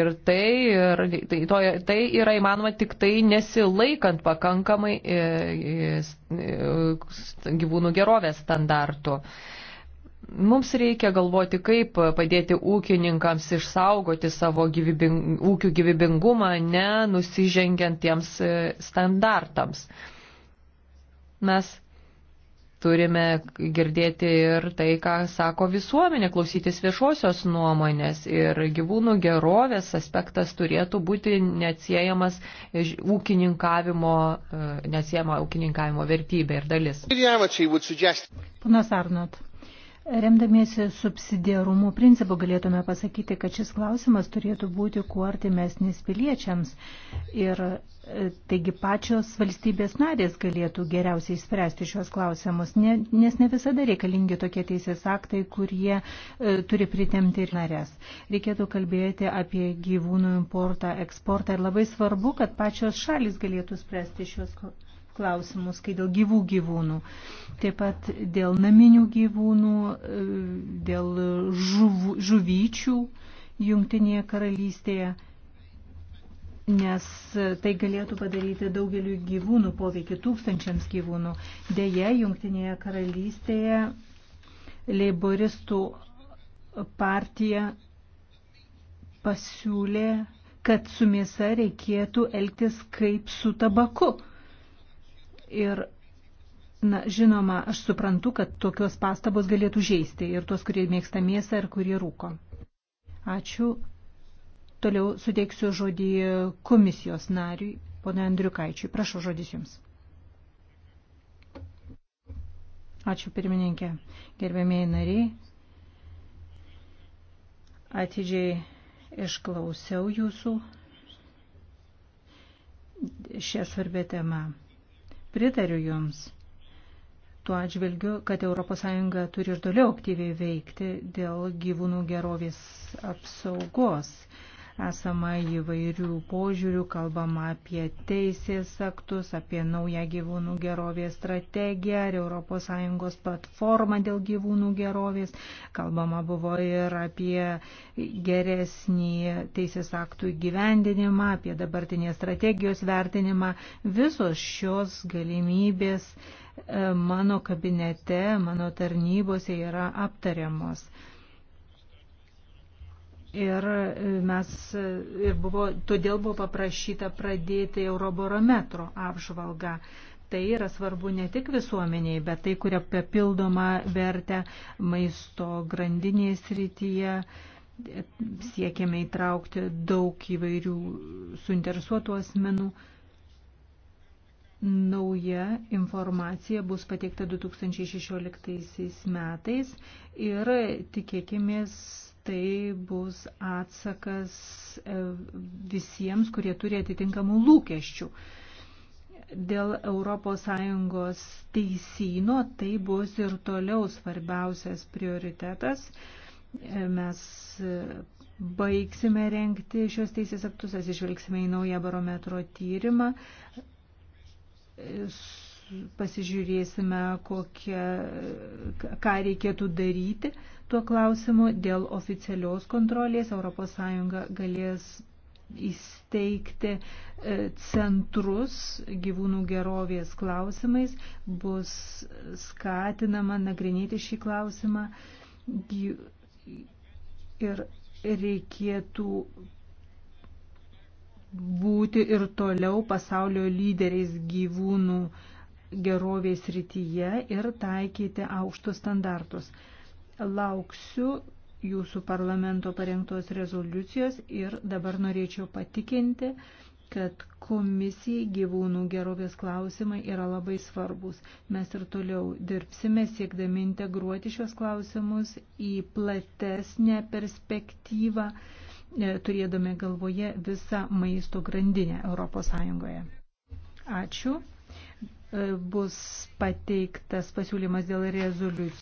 Ir tai, ir tai, to, tai yra įmanoma tik tai nesilaikant pakankamai gyvūnų gerovės standartų. Mums reikia galvoti, kaip padėti ūkininkams išsaugoti savo gyvybing, ūkių gyvybingumą, nenusižengiant tiems standartams. Mes turime girdėti ir tai, ką sako visuomenė, klausytis viešosios nuomonės ir gyvūnų gerovės aspektas turėtų būti neatsiejamas ūkininkavimo, e, neatsiejama ūkininkavimo vertybė ir dalis. Panas Arnot, Remdamiesi subsidiarumo principu galėtume pasakyti, kad šis klausimas turėtų būti kuo artimesnis piliečiams ir e, taigi pačios valstybės narės galėtų geriausiai spręsti šios klausimus, ne, nes ne visada reikalingi tokie teisės aktai, kurie e, turi pritemti ir narės. Reikėtų kalbėti apie gyvūnų importą, eksportą ir labai svarbu, kad pačios šalis galėtų spręsti šios klausimus klausimus, kai dėl gyvų gyvūnų. Taip pat dėl naminių gyvūnų, e, dėl žuv, žuvyčių Jungtinėje karalystėje, nes tai galėtų padaryti daugeliu gyvūnų poveikį, tūkstančiams gyvūnų. Deja, Jungtinėje karalystėje leiboristų partija pasiūlė, kad su mėsa reikėtų elgtis kaip su tabaku. Ir, na, žinoma, aš suprantu, kad tokios pastabos galėtų žaisti ir tuos, kurie mėgsta mėsą ir kurie rūko. Ačiū. Toliau suteiksiu žodį komisijos nariui, ponai Andriukaičiui. Prašau žodis jums. Ačiū pirmininkė. Gerbėmėjai nariai, atidžiai išklausiau jūsų šią svarbę temą. Pritariu Jums tuo atžvilgiu, kad ES turi ir toliau aktyviai veikti dėl gyvūnų gerovės apsaugos Esama įvairių požiūrių, kalbama apie teisės aktus, apie naują gyvūnų gerovės strategiją ir ES platformą dėl gyvūnų gerovės. Kalbama buvo ir apie geresnį teisės aktų įgyvendinimą, apie dabartinės strategijos vertinimą. Visos šios galimybės e, mano kabinete, mano tarnybose yra aptariamos. Ir e, mes, e, ir buvo, todėl buvo paprašyta pradėti Eurobarometro apžvalgą. Tai yra svarbu ne tik visuomeniai, bet tai, kuria papildoma vertę maisto grandinės rytyje. Siekiame įtraukti daug įvairių suinteresuotų asmenų. Nauja informacija bus pateikta 2016 metais ir tikėkimės tai bus atsakas e, visiems, kurie turi atitinkamų lūkesčių. Dėl ES teisino tai bus ir toliau svarbiausias prioritetas. E, mes e, baigsime renkti šios teisės aktus, atsižvelgsime į naują barometro tyrimą pasižiūrėsime, kokie, ką reikėtų daryti, tuo klausimu dėl oficialios kontrolės ES galės įsteigti e, centrus gyvūnų gerovės klausimais, bus skatinama nagrinėti šį klausimą ir reikėtų būti ir toliau pasaulio lyderiais gyvūnų gerovės rytyje ir taikyti aukštus standartus. Lauksiu jūsų parlamento parengtos rezoliucijos ir dabar norėčiau patikinti, kad komisijai gyvūnų gerovės klausimai yra labai svarbus. Mes ir toliau dirbsime siekdami integruoti šios klausimus į platesnę perspektyvą, e, turėdami galvoje visą maisto grandinę ES. Ačiū. E, bus pateiktas pasiūlymas dėl rezoliucijų.